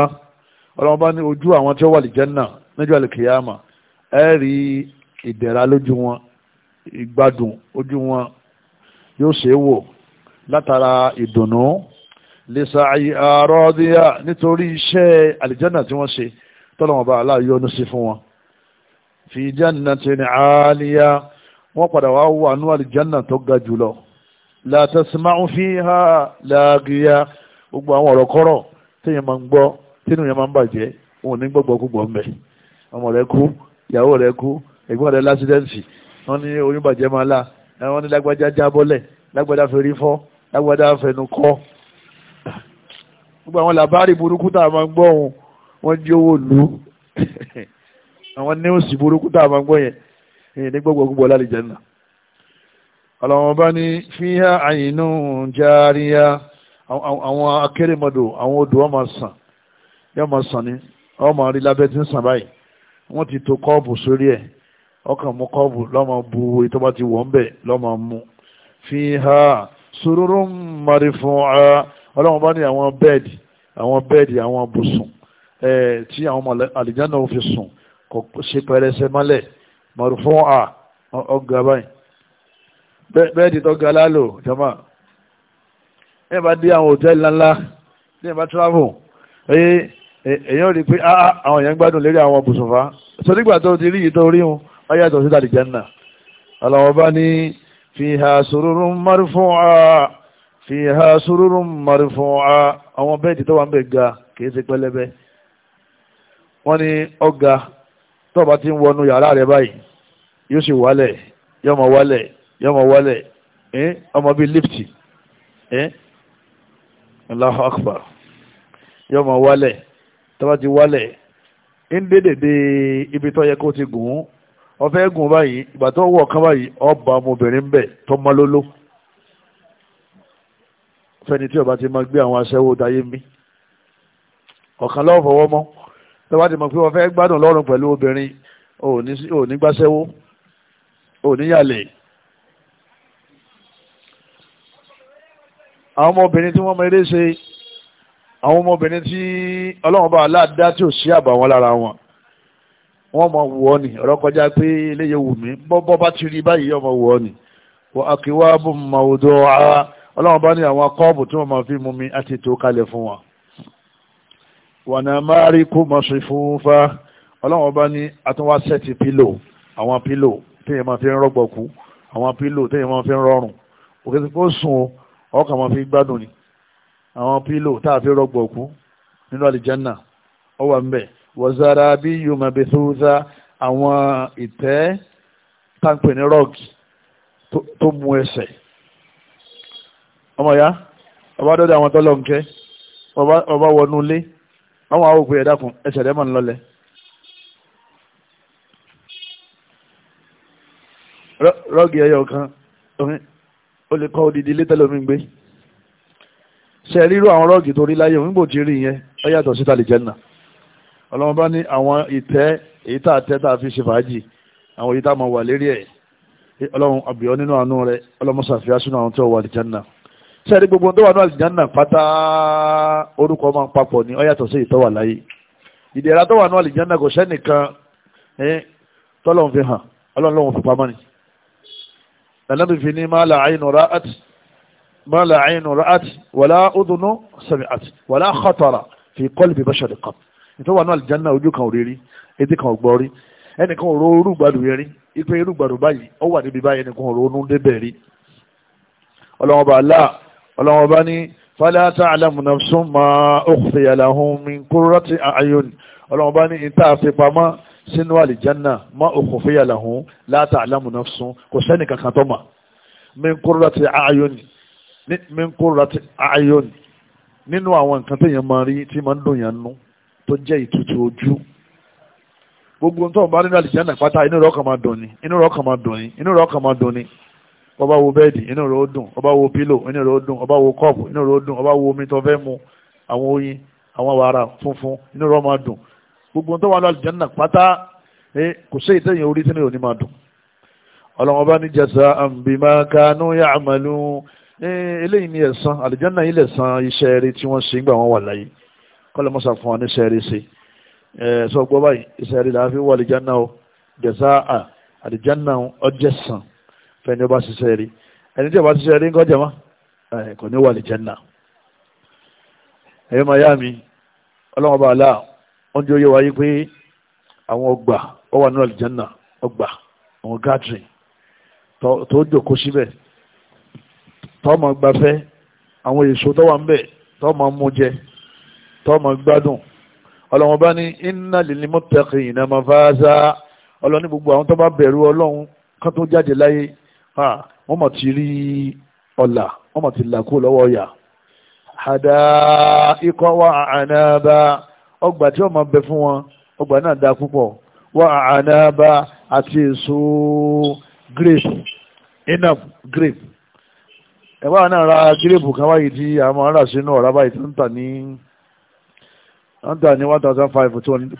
ọlọ́run ọba ní ojú àwọn tí wọ́n wà àlìjẹ́nà níjọ́ àlìkìyàmà ẹ rí ìdẹ̀ra lójú wọn ìgbádùn ojú wọn yóò ṣe é wò látara ìdùnnú lè sa àrọ́ díà nítorí iṣẹ́ àlìjẹ́nà tí wọ́n ṣe tọ́lọ́wọ́n bá aláyọ́nú sí fún wọn fi jannatin àálíyá wọ́n padà wá wà ní àlìjánà tó ga jùlọ la tasma'u fiha láàgìyà gbogbo àwọn ọ̀rọ̀ kọ́rọ̀ téèyàn máa ń gbọ́ tínú yẹn máa ń bàjẹ́ òun ní gbọ́gbọ́ gbọ́ ń bẹ̀ ọmọ rẹ kú ìyàwó rẹ kú ẹ̀gbọ́n rẹ lásídẹ́ǹsì wọ́n ní oyún bàjẹ́ máa la wọ́n ní lágbájá jábọ́lẹ̀ lágbájá fẹ́rí fọ́ lágbájá fẹnu kọ́ gbogbo àwọn làbárì burúkú tá a máa ń gbọ́ wọ́n jí owó lu àwọn ní òsì burúkú tá a máa gbọ́ yẹn èyí ní gbogbo gbogbo ọlálẹ̀ jẹ́ nà ọlọ́wọ́n bá ní fíhá àyínú járíyá àwọn akérèmọdò àwọn odò wọn máa sàn yóò máa sàn ní wọn rí lábẹ́ tí ń sàn báyìí wọ́n ti to kọ́ọ̀bù sórí ẹ̀ ọkàn mú kọ́ọ̀bù lọ́mọ bu èyí tó bá ti wọ̀ ń bẹ̀ lọ́mọ mú fíhá sururun marfu'a ọlọ́wọ́n bá ní àwọn bẹ́ẹ̀dì àwọn bẹ́ẹ̀dì àwọn bùsùn tí àwọn ọmọ àlìjáná ò fi sùn kò ṣe pẹrẹsẹ mọ́lẹ̀ mọ̀rùfún à ọgá báyìí bẹ́ẹ̀dì tó ga lálò jọmọ́ ní ìbá dé àwọn hòtẹ́ẹ̀lì ńláńlá ní ìbá travel èyàn rí pé àwọn èèyàn gbádùn lérí àwọn bùsùnfà sọ nígbà tó ti rí yìí tó rí wọn ó yàtọ̀ sí àlìjáná ọlọ́wọ́ bá ní fiha sururun marfu'a fiha sururun marfu'a àwọn bẹ́ẹ̀dì tó wà ń ga kì í ṣe pẹ́lẹ́bẹ́ wọ́n ní ọ̀gá tọ́ba ti ń wọnú yàrá rẹ̀ báyìí yóò sì wálẹ̀ yóò mọ̀ wálẹ̀ yóò mọ̀ wálẹ̀ ọmọ bíi lipti Allahu Akbar yóò mọ̀ wálẹ̀ tọ́ba ti wálẹ̀ ń dédèdè ibi tó yẹ kó ti gùn ún ọfẹ́ gùn báyìí ìgbà tó wọ̀ kán báyìí ọba ọmọbìnrin bẹ̀ tó mọ́ lóló fẹ́ni tí ọba ti máa gbé àwọn aṣẹ́wó dayé mi ọ̀kan lọ́wọ́ fọwọ́ mọ́ lọ́wọ́ ti mọ̀ pé wọ́n fẹ́ gbádùn lọ́rùn pẹ̀lú obìnrin ò ní gbàṣẹ́wó ò ní yàlẹ̀. àwọn ọmọbìnrin tí wọ́n mọ eré ṣe àwọn ọmọbìnrin tí ọlọ́run bá aláàdá tí ò sí àbàwọ́n lára wọn wọ́n mọ wù ọ́ ni ọ̀rọ̀ kọjá pé eléyè wù mí bọ́ bá ti rí báyìí ọmọ wù ọ́ ni wọ́n akíwá bó mọ ọlọ́run bá ní àwọn akọ́ọ̀bù tí wọ́n máa fi mú mi àti ètò kalẹ̀ fún wọn wọ̀nà márì kú mọ̀sí fún fa ọlọ́run ọba ní atúnwá sẹ́ẹ̀tì pílò àwọn pílò téèyàn máa fi ń rọ́gbọ̀ kú àwọn pílò téèyàn máa fi ń rọrùn òkè tí kò sùn o ọkàn máa fi gbádùn ni àwọn pílò tá a fi rọ́gbọ̀ kú nínú àlìjánà ó wà ńbẹ̀ wọ̀zára bí yuma bethuza àwọn ìtẹ́ táǹpẹ̀ ní rọ́ọ̀gì tó mú ẹsẹ̀ ọmọ ya ọba dọ́dọ̀ àwọn tọ́lọ́ nkẹ́ ọba wọnú ilé wọ́n wá òkú ẹ̀dá fún ẹsẹ̀ rẹ̀ mọ̀ ń lọlẹ̀ rọ́ọ̀gì ẹyọ kan ó lè kọ́ odidi ilé tẹ́lẹ̀ omi gbé ṣe ríru àwọn rọ́ọ̀gì tó rí láyé òyìnbó ti rí yẹn ó yàtọ̀ síta lè jẹ́nà ọlọ́mọ bá ní àwọn ìtẹ́ èyí tá a tẹ́ tá a fi ṣe fàájì àwọn èyí tá a mọ̀ wà lérí ẹ̀ ọlọ́run àbíọ́ nínú àánú rẹ̀ ọlọ́mọ sàfihàn sínú àwọn tó wà lè jẹ́nà sẹ́ẹ̀rí gbogbo tó wà ní àlìjánà pátá orúkọ máa ń papọ̀ ní ọ̀yàtọ̀ sí ìtọ́wà láyé ìdẹ̀ra tó wà ní àlìjánà kò sẹ́nìkan tọ́lọ́hún fi hàn ọlọ́run lọ́hún fi pamọ́ ni. lànàbí fi ní máa la àyínú ra'at máa la àyínú ra'at wàlá ọdúnú sami'at wàlá khatara fi qalbi bashari kan ìtọ́ wà ní àlìjánà ojú kan òrírí etí kan ògbọ́ rí ẹnìkan òró orúgbàdù yẹn rí ipe bá láà ọlọ́wọ́n bá ní fala ta'lamu nafsun ma ukhfiya lahum min qurrati a'yun ọlọ́wọ́n bá ní ìta àfipamọ́ sínú àlìjánà ma ukhfiya lahum la ta'lamu nafsun kò sẹ́ni kankan tó mà min qurrati a'yun min qurrati a'yun nínú àwọn nǹkan téèyàn máa rí tí máa ń dùn yàn nú tó jẹ́ ìtutù ojú gbogbo tó ń bá nínú àlìjánà pátá inú rẹ̀ ọkàn máa dùn ni inú rẹ̀ ọkàn máa dùn ni inú rẹ̀ ọkàn máa dùn ni ọba wo bẹ́ẹ̀dì inú rẹ̀ ó dùn ọba wo pílò inú rẹ̀ ó dùn ọba wo kọ́ọ̀pù inú rẹ̀ ó dùn ọba wo omi tó fẹ́ mu àwọn oyin àwọn wàrà funfun inú rẹ̀ ó máa dùn gbogbo tó wà lọ àlùjánnà pátá kò sí ìtẹ̀yìn orí tí ní máa dùn ọlọ́run ọba ní jaza'an bima kanu ya'malun eléyìí ni ẹ̀san àlùjánnà yìí lẹ̀san iṣẹ́ rẹ̀ tí wọ́n ṣe gbà wọ́n wà láyé kọ́lẹ̀ mọ́sà fún wa ní iṣẹ́ rẹ̀ ṣe sọ gbọ́ báyìí iṣẹ́ rẹ̀ làá fi wọ àlùjánnà o jaza'an àlùjánnà ọjẹ́sàn fẹ́ni ọba ṣiṣẹ́ rí ẹni tí ọba ṣiṣẹ́ rí ń kọjá mọ́ ẹ kò ní wà lè jẹ́nà ẹ̀yọ́ maya mi ọlọ́run ọba àlá wọ́n jẹ́ oyé wáyé pé àwọn ọgbà ó wà nínú àlìjẹ́nà ọgbà àwọn gátìrì tó jòkó síbẹ̀ tó máa gbafẹ́ àwọn èso tó wà ń bẹ̀ tó máa mú jẹ tó máa gbádùn ọlọ́run ọba ní inna lil muttaqina mafaza ọlọ́run ní gbogbo àwọn tó bá bẹ̀rù ọlọ́run kan jáde láyé wọ́n mọ̀ ti rí ọ̀là wọ́n mọ̀ ti là kó lọ́wọ́ ọ̀yà hada ikọ̀ wa ànába ọgbà tí wọ́n máa bẹ fún wọn ọgbà náà da púpọ̀ wa ànába àti èso grape enough grape ẹ̀wá náà ra grape kan wáyé tí a máa ń rà sínú ọ̀rá báyìí tó ń tà ní wọ́n tà ní one thousand five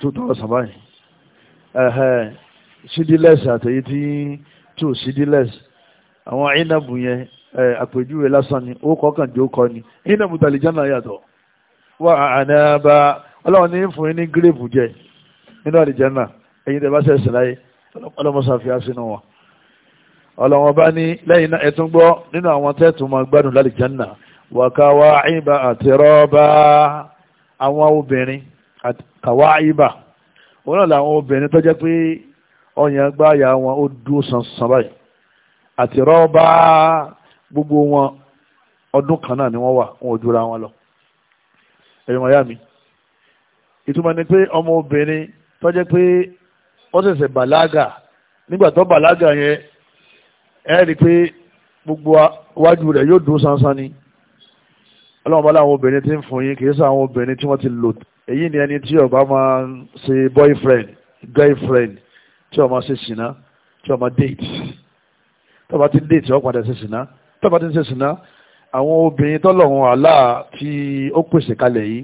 two thousand báyìí sídílẹ̀sì àtẹ̀yí tí two sídílẹ̀sì àwọn inabu yẹn àpèjúwe lásán ni ó kọ́kàn jó kọ́ ni inabu tàlìjánà yàtọ̀ wà ànábà ọlọ́run ní fún yín ní gírèpù jẹ nínú àlìjánà ẹ̀yin tẹ̀ bá ṣẹ̀ṣẹ̀ láyé ọlọ́mọṣà fi àṣínú wọn ọlọ́run bá ní lẹ́yìn náà ẹ̀tún gbọ́ nínú àwọn tẹ́ẹ̀tún máa gbádùn lálìjánà wàkàwà àìbá àti rọ́ọ̀bá àwọn obìnrin kàwà àìbá òun náà làwọn obìnrin tó jẹ́ pé ọyàn gbáyà wọn ó dúró sansan báyìí àti rọ́ọ̀bá gbogbo wọn ọdún kan náà ni wọ́n wà wọn ò jura wọn lọ ẹ̀yìn wọ̀nyá mi ìtumọ̀ ni pé ọmọ obìnrin tó jẹ́ pé ó ṣẹ̀ṣẹ̀ bàlágà nígbà tó bàlágà yẹn ẹ rí i pé gbogbo wájú rẹ̀ yóò dún sánsán ni ọlọ́run bá láwọn obìnrin tí ń fún yín kìí sọ àwọn obìnrin tí wọ́n ti lò èyí ni ẹni tí ó máa ń ṣe boyfriend girlfriend tí ó máa ṣe ṣìnà tí ó máa date tọ́ba ti dé tí wọ́n padà ṣe sìnà tọ́ba ti ṣe sìnà àwọn obìnrin tọ́lọ́run àlá tí ó pèsè kalẹ̀ yìí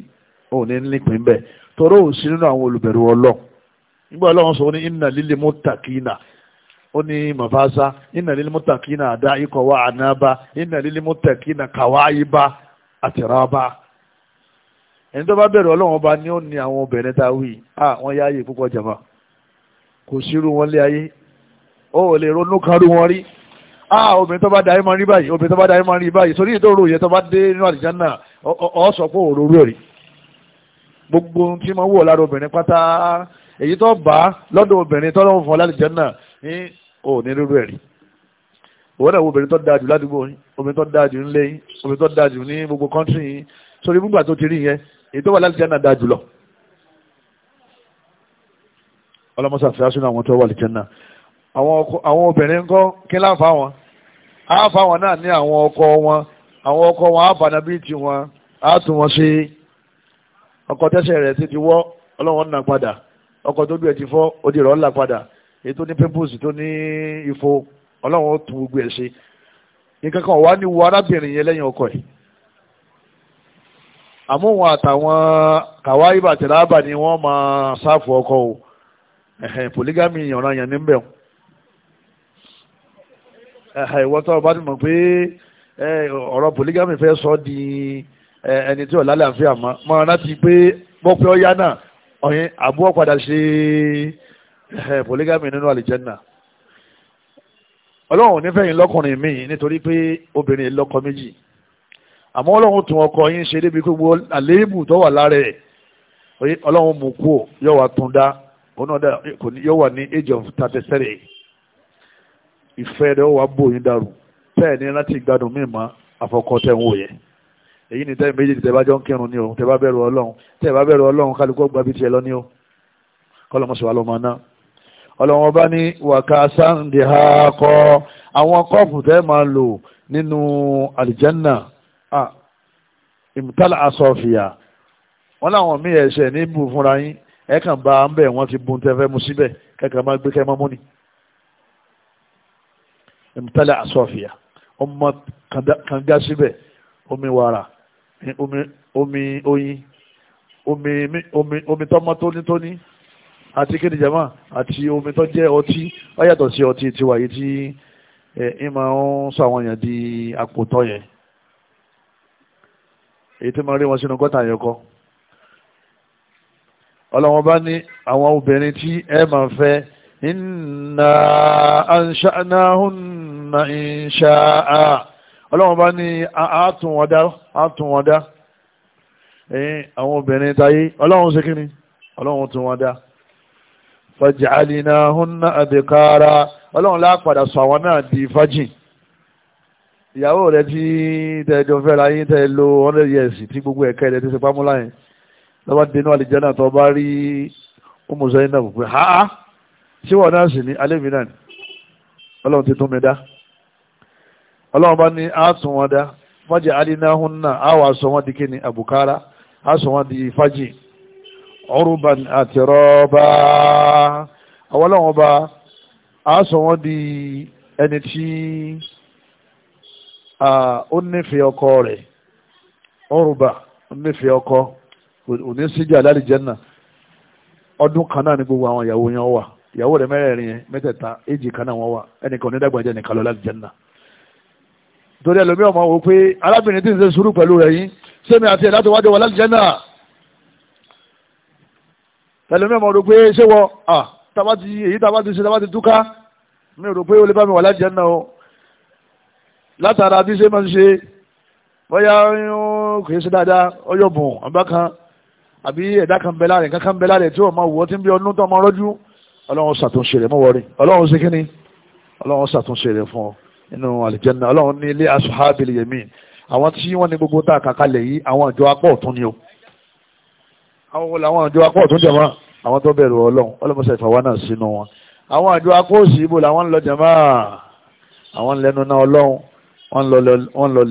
ò ní nípìn bẹ́ẹ̀ tọ́rọ ò sí nínú àwọn olùbẹ̀rù ọlọ́run nígbà ọlọ́run sọ ní inna lil muttaqina ó ní mafasa inna lil muttaqina adaiqa wa anaba inna lil muttaqina kawaiba àtìrábà ẹni tó bá bẹ̀rù ọlọ́run ọba ni ó ní àwọn obìnrin tá a wí à wọ́n yáàyè púpọ̀ jàmá kò sírú wọn lé ayé ó lè ronú kan wọn rí ah obìnrin tó bá da ẹmọ rí báyìí obìnrin tó bá da ẹmọ rí báyìí sórí ètò òròyìn tó bá dé nínú àlìjánà ọ sọ pé òróró rí gbogbo tí mo wò lára obìnrin pátá èyí tó bá lọ́dọ̀ obìnrin tó lọ́wọ́ fún àlìjánà ní òní rírú ẹ̀rí òun náà wo obìnrin tó dáa jù ládùúgbò yín obìnrin tó dáa jù nílé yín obìnrin tó dáa jù ní gbogbo kọ́ńtì yín sórí gbogbo àti òtí rí yẹn èyí tó wà lálìjánà dáa jù lọ ọlọmọsàfẹ́ àṣùnà àwọn tó wà lálìjánà àwọn obìnrin ńkọ́ kí lá fa wọn á fa wọn náà ní àwọn ọkọ wọn àwọn ọkọ wọn á fana bíi ti wọn á tún wọn sí ọkọ tẹsẹ̀ rẹ̀ ti ti wọ́ ọlọ́wọ́n nà padà ọkọ tó dùn ẹ̀ ti fọ́ odi rọ̀ ńlá padà èyí tó ní pimples tó ní ifo ọlọ́wọ́n tún gbogbo ẹ̀ ṣe nǹkan kan wà ní wo arábìnrin yẹn lẹ́yìn ọkọ ẹ̀ àmọ́ wọn àtàwọn kàwáyé bàtẹ̀lábà ni wọ́n máa sáfù ọkọ o polygamy ìyànràn yẹn níbẹ̀ o ìwọ tó o bá ti mọ̀ pé ọ̀rọ̀ polygamy fẹ́ sọ di ẹni tí ò lálàáfíà mọ́ mọ́ láti pé bọ́pẹ́ ọ̀yá náà ọ̀yìn àbúrò padà ṣe polygamy nínú àlìjẹ́nà ọlọ́run nífẹ̀ẹ́ yín lọ́kùnrin míì nítorí pé obìnrin lọ́kọ méjì àmọ́ ọlọ́run tún ọkọ yín ṣe débi gbogbo àléébù tó wà lára ẹ̀ ọlọ́run mú kú yóò wá tún dá yóò wà ní age of thirty three ìfẹ́ rẹ̀ ó wá bò yín dàrú tẹ́ẹ̀ ní láti gbádùn mí mọ́ àfọkọ́ tẹ̀ ń wò yẹn èyí ni tẹ́ méjì tẹ́ bá jọ ń kírun ni o tẹ́ bá bẹ̀rù ọlọ́run tẹ́ bá bẹ̀rù ọlọ́run kálukọ́ gbabi tiẹ̀ lọ ni o kọ́lọ́mọṣọ́ wa ló máa ná ọlọ́run ọba ní wàkà sáǹdì ha kọ àwọn kọ́ọ̀pù tẹ́ máa lò nínú àlìjánà ìmùtálà asọ̀fìyà wọn làwọn míì ẹ̀ṣẹ̀ ní ibù yín ẹ̀ kàn bá ń bẹ̀ wọ́n ti bu tẹ́fẹ́ mu síbẹ̀ kẹ́kẹ́ máa gbé kẹ́ máa múni ìmùtálà àsọ̀fìyà ọmọ kànga síbẹ̀ omi wàrà omi oyin omi tọ́mọ tónítóní àti kéde jama àti omi tó jẹ́ ọtí ó yàtọ̀ sí ọtí tiwa yìí tí ẹ máa ń sọ àwọn èèyàn di àpòtọ́ yẹn èyí tí máa rí wọn sínú gọ́tà yẹn kọ́ ọlọ́wọ́n bá ní àwọn obìnrin tí ẹ máa ń fẹ́ inna ansha'nahunna insha'a ọlọ́run bá ní àtúnwọ̀dá àtúnwọ̀dá ẹ̀yìn àwọn obìnrin táyé ọlọ́run ṣe kíni ọlọ́run tún wọ́n dá faj'alnahunna abkara ọlọ́run lápadà sọ àwọn náà di fájìn ìyàwó rẹ̀ tí tẹ́jọ fẹ́ ra yín tẹ́ lo hundred years tí gbogbo ẹ̀kẹ́ rẹ̀ ti ṣe pámúlá yẹn lọ́wọ́ dénú àlìjẹ́ náà tó bá rí ó mọ̀ sẹ́yìn náà pé ha tí wọ́n náà sì ní alẹ́ náà ni ọlọ́run ti tún mi dá ọlọ́run bá ní àtún wọn dá fájì alínáhùn náà wọn di kí àbùkárá á wọn di fájì àti àwọn ọlọ́run bá wọn di ẹni tí ó nífẹ̀ẹ́ ọkọ rẹ̀ ọrùbà ó ọkọ òní síjà ìyàwó rẹ̀ mẹ́rẹ̀ẹ̀rin yẹn mẹ́tẹ̀ẹ̀ta èjì kan náà wọ́n wà ẹnìkan onídàgbàjẹ́ nìkan lọ láti jẹ́nà torí ẹlòmíràn máa wò pé arábìnrin tí ń ṣe sùúrù pẹ̀lú rẹ̀ yín sẹ́mi àti ẹ̀dá tó wájú wà láti jẹ́nà ẹlòmíràn máa rò pé ṣé wọ èyí tá a bá ti ṣe tá a bá ti túká mi rò pé ó lè bá mi wà láti jẹ́nà o látara bí ṣe máa ń ṣe bóyá kìí ṣe dáadáa ọyọ̀bùn àbákan àbí ẹ̀dá kan bẹ láàrin kankan bẹ láàrin tí wọ́n máa wọ́ ọlọ́run ṣàtúnṣe rẹ̀ mọ́wọ́rí ọlọ́run ṣe kíni ọlọ́run ṣàtúnṣe rẹ̀ fún ọ nínú àlìjẹ́nà ọlọ́run ní ilé asuhabil yemin àwọn tí wọ́n ní gbogbo tá a yìí àwọn àjọ apọ̀ ọ̀tún ni o àwọn wọlé àwọn àjọ apọ̀ ọ̀tún jẹ̀mọ́ àwọn tó bẹ̀rù ọlọ́run ọlọ́mọṣẹ́ ìfàwa náà sínú wọn àwọn àjọ apọ̀ òsì ibo làwọn ń lọ jẹ̀mọ́ àwọn ń lẹnu náà ọlọ́run wọ́n lọ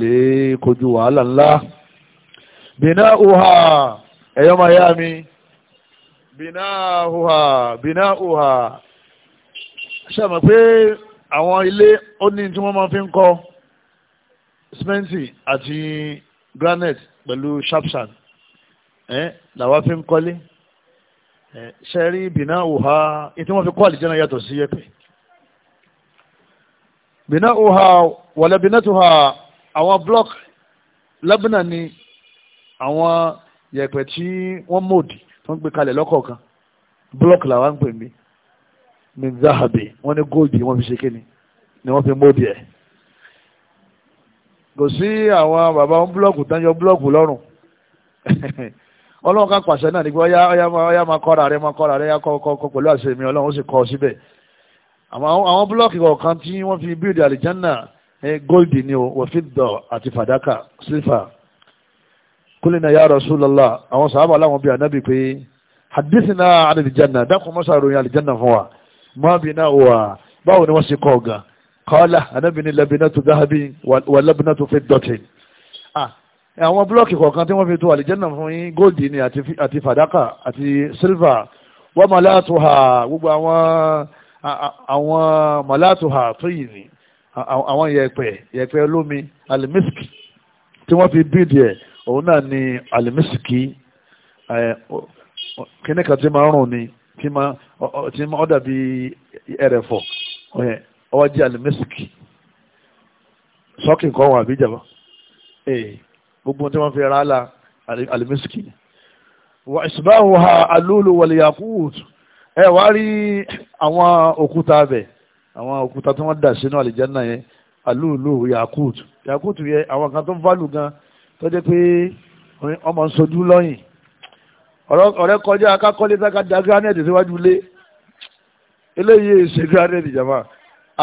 lè bìnáhùhà bìnáhùhà ṣàmọ̀ pé àwọn ilé ó ní tí wọ́n máa fi ń kọ́ simenti àti granite pẹ̀lú sharpsand ẹ̀ làwa fi ń kọ́lé ẹ̀ ṣe rí bìnáhùhà ètí wọ́n fi kọ́ àlìjẹ́nà yàtọ̀ sí yẹ̀pẹ̀ bìnáhùhà wọ̀lẹ̀ bìnáhùhà àwọn block lábínà ni àwọn yẹ̀pẹ̀ tí wọ́n mòdì tó ń gbé kalẹ̀ lọ́kọ̀ọ̀kan búlọ́ọ̀kì làwọn ń pè mí ní zahabi wọ́n ní góòdì wọ́n fi ṣe kíni ni wọ́n fi móbi ẹ̀ kò sí àwọn bàbá wọn búlọ́ọ̀kù tán yọ búlọ́ọ̀kù lọ́rùn <laughs> ọlọ́run ká pàṣẹ náà nígbà ọyá ọyá ọyá máa kọ́ra rẹ máa kọ́ra rẹ yá kọ́ pẹ̀lú àṣẹ mi ọlọ́run ó sì kọ́ ọ síbẹ̀ àwọn búlọ́ọ̀kì kọ̀ọ̀kan tí wọ́n fi bíìdì àlìjánà eh, gold ni o wọ́n fi dọ̀ àti fàdákà sílfà kúlínà ya Rasulullah àwọn sàábà láwọn bí anábì pé hadithina an aljanna dákun mọ́sá ròyìn aljanna fún wa má bí náà wà báwo ni wọ́n sì kọ́ ọ̀gá kọ́lá anábì ní labinatu dhahabi wà labinatu fiddatin àwọn búlọ́ọ̀kì kọ̀ọ̀kan tí wọ́n fi tó aljanna fún yín góòdì ni àti fàdákà àti sílvà wọ́n malatuha gbogbo àwọn àwọn malatuha tó yìí ni àwọn yẹ̀pẹ̀ yẹ̀pẹ̀ olómi alimisk tí wọ́n fi bídìí ẹ̀ òun náà ni alimisiki kíní kan tí máa ń rùn ni tí máa ọ̀dà bí ẹrẹ̀fọ̀ ọwọ́ jẹ́ alimisiki sọ́ọ̀kì kan wà bí jàmbá gbogbo tí wọ́n fi ra la alimisiki ni wà ìsìbáhù ha alúlù wàlìyàkúùtù ẹ wá rí àwọn òkúta bẹ̀ àwọn òkúta tí wọ́n dà sínú àlìjẹ́nà yẹn alúlù yàkúùtù yàkúùtù yẹ àwọn kan tó ń válù gan tó jẹ́ pé ọmọ ń sojú lọ́yìn ọ̀rẹ́ kọjá akákọ́lé tá a ka da granite síwájú lé eléyìí ṣe granite jama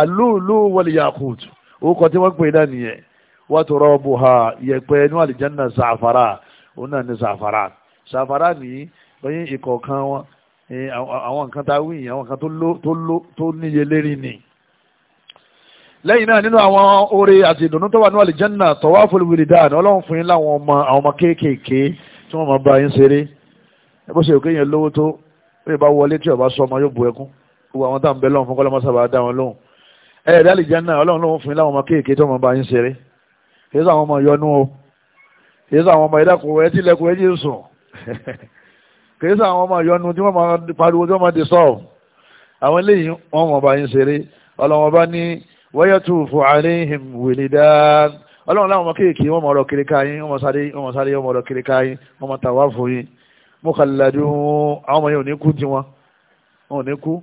alúùlù wọlé yakut orúkọ tí wọ́n pè náà nìyẹn wọ́n tó rọ́ọ̀bù ha yẹ̀pẹ̀ inú àlìjánná sàfàrà òun náà ní sàfàrà sàfàrà nìyí lọ́yìn ìkọ̀ọ̀kan wọn àwọn nǹkan tá a wí àwọn nǹkan tó níye lérí nìyí lẹ́yìn náà nínú àwọn oore àti ìdùnnú tó wà ní àlìjẹ́nà tawaful wildan ọlọ́run fún yín láwọn ọmọ àwọn ọmọ kéékèèké tí wọ́n máa bá yín ṣeré bó ṣe kéèyàn lówó tó bí ìbá wọlé tí ọba sọ ọmọ yóò bu ẹkún gbogbo àwọn táwọn bẹ́ẹ̀ lọ́hùn fún kọ́lọ́mọ́ sábà dá wọn lóhùn ẹ̀ẹ́dì àlìjẹ́nà ọlọ́run lóhùn fún yín láwọn ọmọ kéékèèké tó máa bá yín ṣeré èyí sàwọn ọmọ yọnú <laughs> wayatufu alayhim wilidan ọlọ́run láwọn ọmọ kéèkì wọ́n mọ̀ ọ̀rọ̀ kiri káyín wọ́n mọ̀ sáré wọ́n mọ̀ sáré wọ́n mọ̀ ọ̀rọ̀ kiri káyín wọ́n mọ̀ tàwa fún yín mukhalladun àwọn ọmọ yẹn ò ní kú tiwọn wọn ò ní kú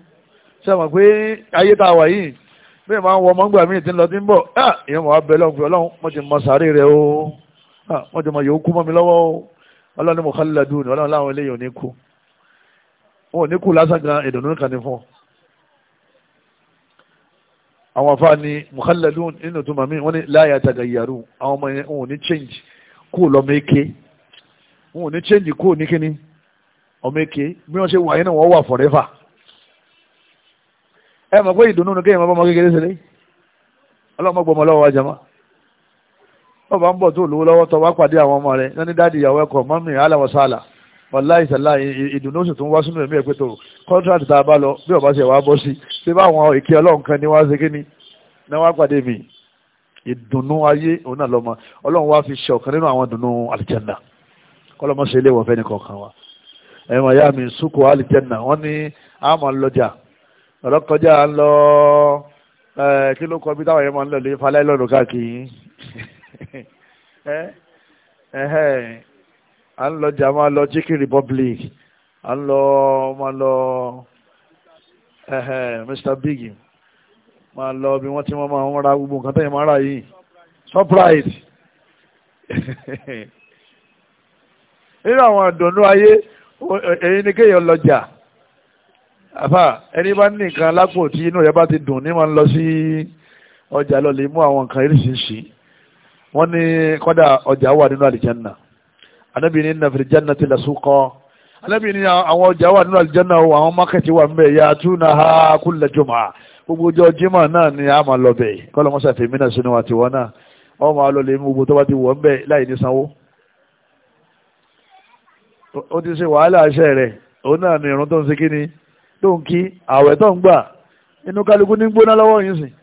ṣé mọ̀ pé ayé tá a wà yìí bẹ́ẹ̀ máa ń wọ ọmọngbà míì tí ń lọ tí ń bọ̀ ah, ìyẹn mọ̀ abẹ́ lọ́n pé ọlọ́run mo ti mọ sáré rẹ o mo ah, ti mọ yòó kú mọ́ mi lọ́wọ́ o ọlọ́run mukhalladun ọlọ́run láwọn eléyìí ò ní kú wọn ní kú lásán ìdùnnú kan ní fún àwọn afá ni mukhalladun nínú tó mami wọ́n ni la yatagayyaru àwọn ọmọ yẹn wọn ò ní change kó lọ́mọ eke wọn ò ní change kó ní kíní ọmọ eke bí wọ́n ṣe wà yẹn náà wọ́n wà forever ẹ mọ̀ pé ìdùnnú ni kéèyàn bá ọmọ kékeré ṣe ọlọ́mọ gbọmọ lọ́wọ́ wa jama ọba ń bọ̀ tó lówó lọ́wọ́ tó wá pàdé àwọn ọmọ rẹ̀ ní dáàdi ìyàwó ẹ̀kọ́ mọ́mí aláwọ̀sálà wàláì sàlá ìdùnnú sì tún wá sínú ẹ̀mí ẹ̀ pé tó kọ́ńtrátì tá a bá lọ bí ọba ṣe wàá bọ́ sí ṣé báwọn ìkí ọlọ́run kan ní wá ṣe kíni náà wá pàdé mi ìdùnnú ayé òun náà lọ́mọ ọlọ́run wá fi ṣe ọ̀kan nínú àwọn ìdùnnú àlìjẹ́nà kọ́lọ́mọ ṣe ilé ìwọ̀fẹ́ nìkan kan wa ẹ̀wọ̀n ya mi sùkò àlìjẹ́nà wọ́n ní àmọ́ lọ́jà ọlọ́kọjá ń lọ kí ló kọ bí táwọn <laughs> à ń lọ jà máa lọ chicken republic à ń lọ máa lọ mr big máa lọ bí wọ́n ti wọ́n máa ń ra gbogbo nǹkan tẹ́yìn máa rà yìí surprise <laughs> nínú àwọn àdùnnú ayé èyí ni kéèyàn lọ jà àfà ẹni bá ní nǹkan lápò tí inú rẹ bá ti dùn ní máa ń lọ sí ọjà lọ lè mú àwọn nǹkan oríṣiríṣi wọ́n ní kọ́dà ọjà wà nínú àlìjánná náà anábì ní nàfẹ̀lẹ̀ jẹ́nà ti lẹ́sùkọ́ anábì ní àwọn ọjà wà nínú àlìjẹ́nà o àwọn mákẹ́tì wà ńbẹ̀ yà á tún náà ha kú lẹ́jọ́mà gbogbo ọjọ́ jimá náà ni a máa lọ bẹ̀ kọ́lọ́ mọ́sá fèmí náà sínú àti wọn náà wọ́n máa lọ lè mú gbogbo tó bá ti wọ̀ ńbẹ̀ láì ní sanwó. ó ti ṣe wàhálà iṣẹ́ rẹ̀ òun náà ni ìrún tó ń ṣe kíni tó ń kí ààwẹ̀ tó ń gbà inú kálukú ní gbóná lọ́wọ́ yìí sìn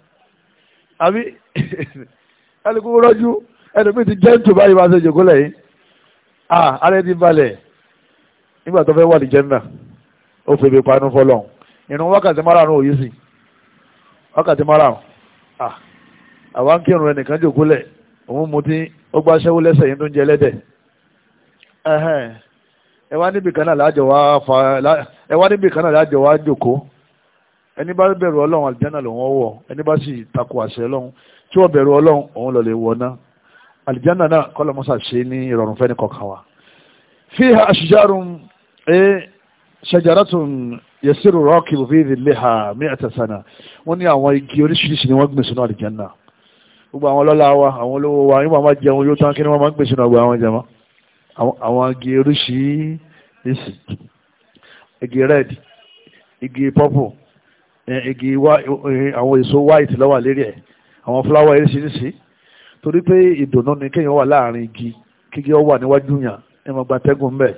àbí <laughs> kálukú rọ́jú ẹnu mi ti jẹ́ ń tò báyìí wá lẹ́yìn ah alẹ́ ti balẹ̀ nígbà tó fẹ́ wà ní jẹ́nà ó panu fọlọ́n ìrun wákàtí márùn wákàtí márùn ah àwa ń kírun ẹnìkan jòkólẹ̀ òun mutí ó gbá aṣẹ́wó lẹ́sẹ̀ yìí tó ń jẹ ẹlẹ́dẹ̀ ẹ wá níbi kan náà wá jòkó ẹni bá bẹ̀rù ọlọ́run lòun àlìjáná náà kọ́lọ́mọ́sà ṣe ní ìrọ̀rùn fẹ́ni kọ̀ọ̀kan wa fiha ashjarun ṣajaratun e, yasiru rakibu fi dhillaha mi'ata sana wọ́n ní àwọn igi oríṣiríṣi ni wọ́n gbìn sínú àlìjáná gbogbo àwọn ọlọ́lá wa àwọn olówó wa nígbà máa jẹun yóò tán kí ni wọ́n máa ń gbìn sínú ọgbà àwọn jẹmọ́ àwọn igi oríṣiríṣi igi red igi purple e, igi e, àwọn èso white ló wà ẹ̀ àwọn flower oríṣiríṣi torí pé ìdùnnú ni kéèyàn wà láàrin igi kíkí ọ wà níwájú yàn ẹ máa gba tẹ́gùn ń bẹ̀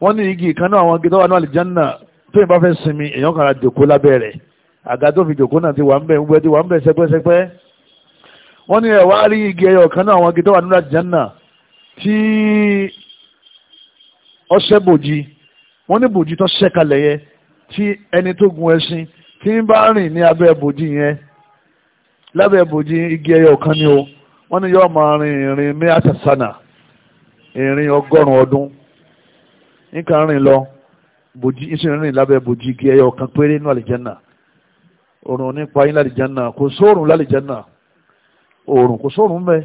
wọ́n ní igi ìkan náà àwọn igi tó wà ní àlìjánà tó yìnbá fẹ́ sinmi èèyàn kan ra jòkó lábẹ́ rẹ̀ àga tó fi jòkó náà ti wà ń bẹ̀ ń gbẹ́ ti wà ń bẹ̀ sẹ́pẹ́sẹ́pẹ́ wọ́n ní ẹ̀ wá rí igi ẹyọ kan náà àwọn igi tó wà ní àlìjánà tí ọṣẹ́ bòjì wọ́n ní bòjì tó ṣẹ́ kalẹ̀ yẹ tí ẹni tó gun ẹṣin tí ń bá rìn ní abẹ́ bòjì yẹn lábẹ́ bòjì igi ẹyọ kan ni o wọ́n ní yóò máa rin ìrìn ní àṣàṣànà ìrìn ọgọ́rùn-ún ọdún nǹkan rìn lọ bòjì ìṣìn rìn lábẹ́ bòjì igi ẹyọ kan péré ní àlìjánà òrùn nípa yín lálìjánà kò sóòrùn lálìjánà òrùn kò sóòrùn mẹ́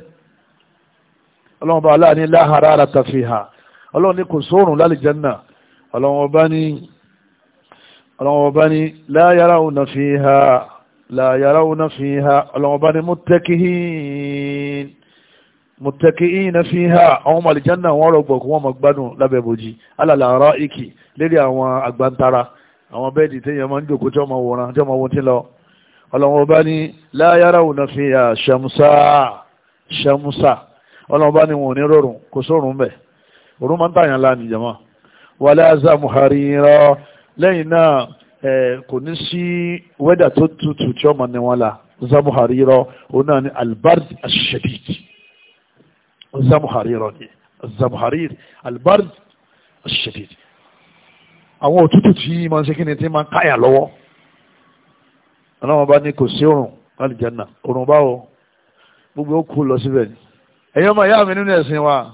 ọlọ́run bá aláàní láhàrá ara ọlọ́run ní kò sóòrùn lálìjánà ọlọ́run ọba ní láyàrá òun la yarawna fiha ọlọ́mọba ni muttakihin muttakiina fiha àwọn ọmọ àlìjánà wọn rọgbọ kó wọn mọ gbádùn lábẹ́ bòjì alàlà ara ìkì lérí àwọn àgbàntara àwọn bẹ́ẹ̀dì téèyàn máa ń jòkó tí ọmọ wòran tí ọmọ wọn ti lọ ọlọ́wọ́n bá ní la yarawna fiha shamsa shamsa ọlọ́wọ́n kò ní sí wẹ́dà tó tutù tí ọmọ ni wọn la zamu harirọ òun náà ni albard ashadid zamu harirọ ni zamu albard ashadid àwọn òtútù tí ma ń ṣe kí ni tí ma ń káyà lọ́wọ́ ọlọ́wọ́n bá ní kò sí òrùn lálìjẹ́ náà òrùn báwo gbogbo ó kú lọ síbẹ̀ ẹ̀yọ́ máa yá mi nínú ẹ̀sìn wa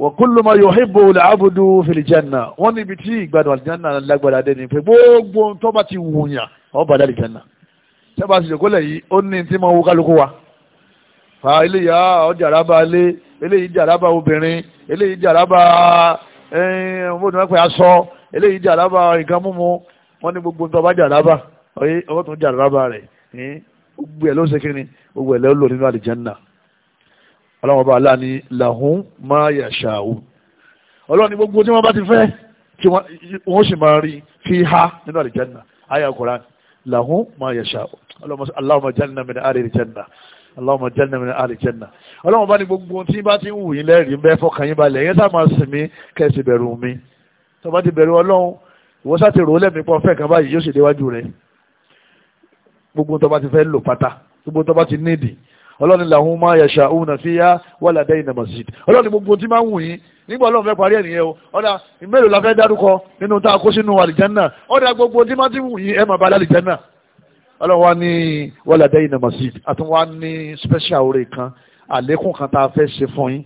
wọ̀kúlù ma yóò hìbò làábùdù fìlìjánà wọ́n níbi tí ìgbàdùn àlìjánà lágbàdà dé ní pé gbogbo tó bá ti wùyàn ọ bàdà àlìjánà sábà sì jòkólẹ̀ yìí ó ní tí máa wo kálukú wa fa eléyà ọjàrába alé eléyìí ah, jàrába obìnrin eléyìí jàrába ọmọdé wọn pè aṣọ eléyìí jàrába nǹkan múmu wọ́n ní gbogbo tó bá jàrába ọwọ́ tó jàrába rẹ̀ ẹ̀ ń ṣe kí gbogbo ẹ̀ ló ọlọ́wọ́n bá aláà ní làhún máa yà ṣàwù ọlọ́ọ̀ni gbogbo tí wọ́n bá ti fẹ́ tí wọ́n sì máa rí fi ha nínú àlìjánná ayé àkùrán làhún máa yà ṣàwù aláwọ̀ jánná mi ní àlìjánná aláwọ̀ jánná mi ní àlìjánná ọlọ́wọ́n bá ní gbogbo tí bá ti ń wù yín lẹ́rìí ń bẹ́ fọkàn yín balẹ̀ yẹn sáà máa sìn mí kẹ́sì bẹ̀rù mi tó bá ti bẹ̀rù ọlọ́run ìwọ sáà rò ó lẹ́mìí ọlọ́ni làwọn máa yẹ̀ṣà òun náà fi yá wà ládé ìnà masjid ọlọ́ni gbogbo tí máa ń wù yín nígbà ọlọ́run fẹ́ parí ẹ̀nìyẹn o ọ̀dà mélòó la fẹ́ dárúkọ nínú tá a kó sínú àlìjánná ọ̀dà gbogbo tí máa ti wù yín ẹ̀ máa bá àlìjánná ọlọ́run wa ní wà ládé ìnà masjid àti wa ní special oore kan àlékún kan tá a fẹ́ ṣe fún yín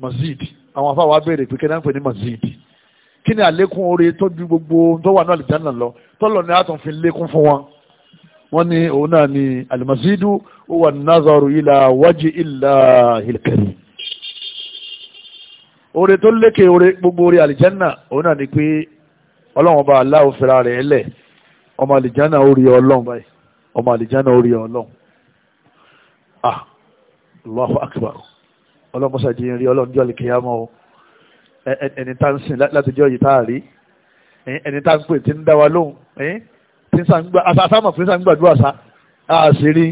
masjid àwọn afáwọn wa béèrè pé kí kí ni àlékún oore tó ju gbogbo tó wà ní àlìjánná lọ tọ́lọ̀ ni a tún fi lékún fún wọn wọ́n ní òun náà ni alimasidu wà nazaru ila wájú ilà hilkari oore tó lékè oore gbogbo oore alijanna òun náà ni pé ọlọ́run ọba aláwọ̀ fẹ́ra rẹ̀ ẹlẹ̀ ọmọ alijanna ó rí ọlọ́run báyìí ọmọ alijanna ó rí ah allahu akbar ọlọ́run mọ́sá jẹ́ rí ọlọ́run jọ́ lìkìyàmọ́ ẹni tá ń sìn látijọ́ yìí tá rí ẹni tá ń pè tí ń dá wa lóhùn tí sáàmà pé gbàdúrà sá àṣírí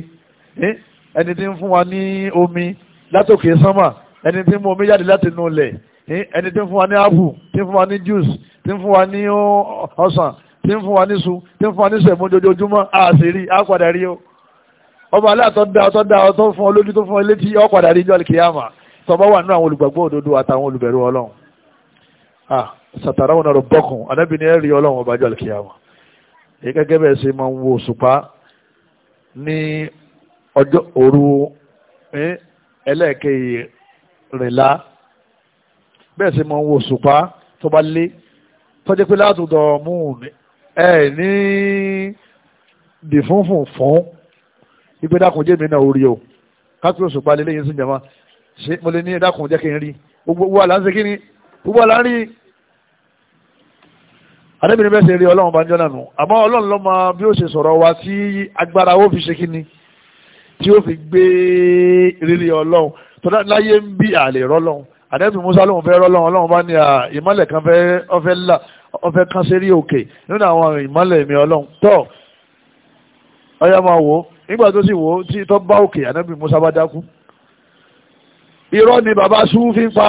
ẹni tí ń fún wa ní omi látòkè sánmà ẹni tí ń mú omi jáde láti inú ilẹ̀ ẹni tí ń fún wa ní apple tí ń fún wa ní juice tí ń fún wa ní ọsàn tí ń fún wa ní su tí ń fún wa ní sẹ̀mú jojoojúmọ́ àṣírí àpàdà rí o ọba aláàtọ̀ dá ọtọ́ dá ọtọ́ fún olójú tó fún elétí ọ̀pàdà rí jọ́ kìyàmà tọba wà nínú àwọn olùgbàgbọ́ òdodo àtàwọn olùbẹ̀rù ọlọ́run ah sàtàrà wọn náà rọ bọ́kùn anábìnrin ẹ̀rí ọlọ́run ọba jọ́ kìyàmà gẹ́gẹ́ bẹ́ẹ̀ ṣe máa ń wo òṣùpá ní ọjọ́ òru ẹlẹ́ẹ̀kẹrìnlá bẹ́ẹ̀ ṣe máa ń wo òṣùpá tó bá lé tọ́jú pé látọ̀dọ̀ moon ẹ̀ ní dìfúnfún fún ìgbé dákùnjẹ́ mi náà orí o kápẹ́ òṣùpá lélẹ́yìn sí ìjàmbá mo lè ní ẹ̀dákùnjẹ́ kí n rí gbogbo wa là ń ṣe kí ni gbogbo wa là ń rí i adébìnrin bẹ́ẹ̀ ṣe rí ọlọ́run bá ń jọ́nà nù àmọ́ ọlọ́run ló mọ bí ó ṣe sọ̀rọ̀ wa tí agbára ó fi ṣe kí ni tí ó fi gbé rírí ọlọ́run tọ́lá láyé ń bí àlè rọ́lọ́run àdẹ́bí musa lóun fẹ́ rọ́lọ́run ọlọ́run bá ní ìmọ̀lẹ̀ kan fẹ́ ọfẹ́ là ọfẹ́ kan ṣe rí òkè nínú àwọn ìmọ̀lẹ̀ mi ọlọ́run tọ́ ọyá máa wò ó nígbà tó sì wò ó tí tọ́ bá òkè àdẹ́bí musa bá dákú irọ́ ni bàbá sú fi ń pa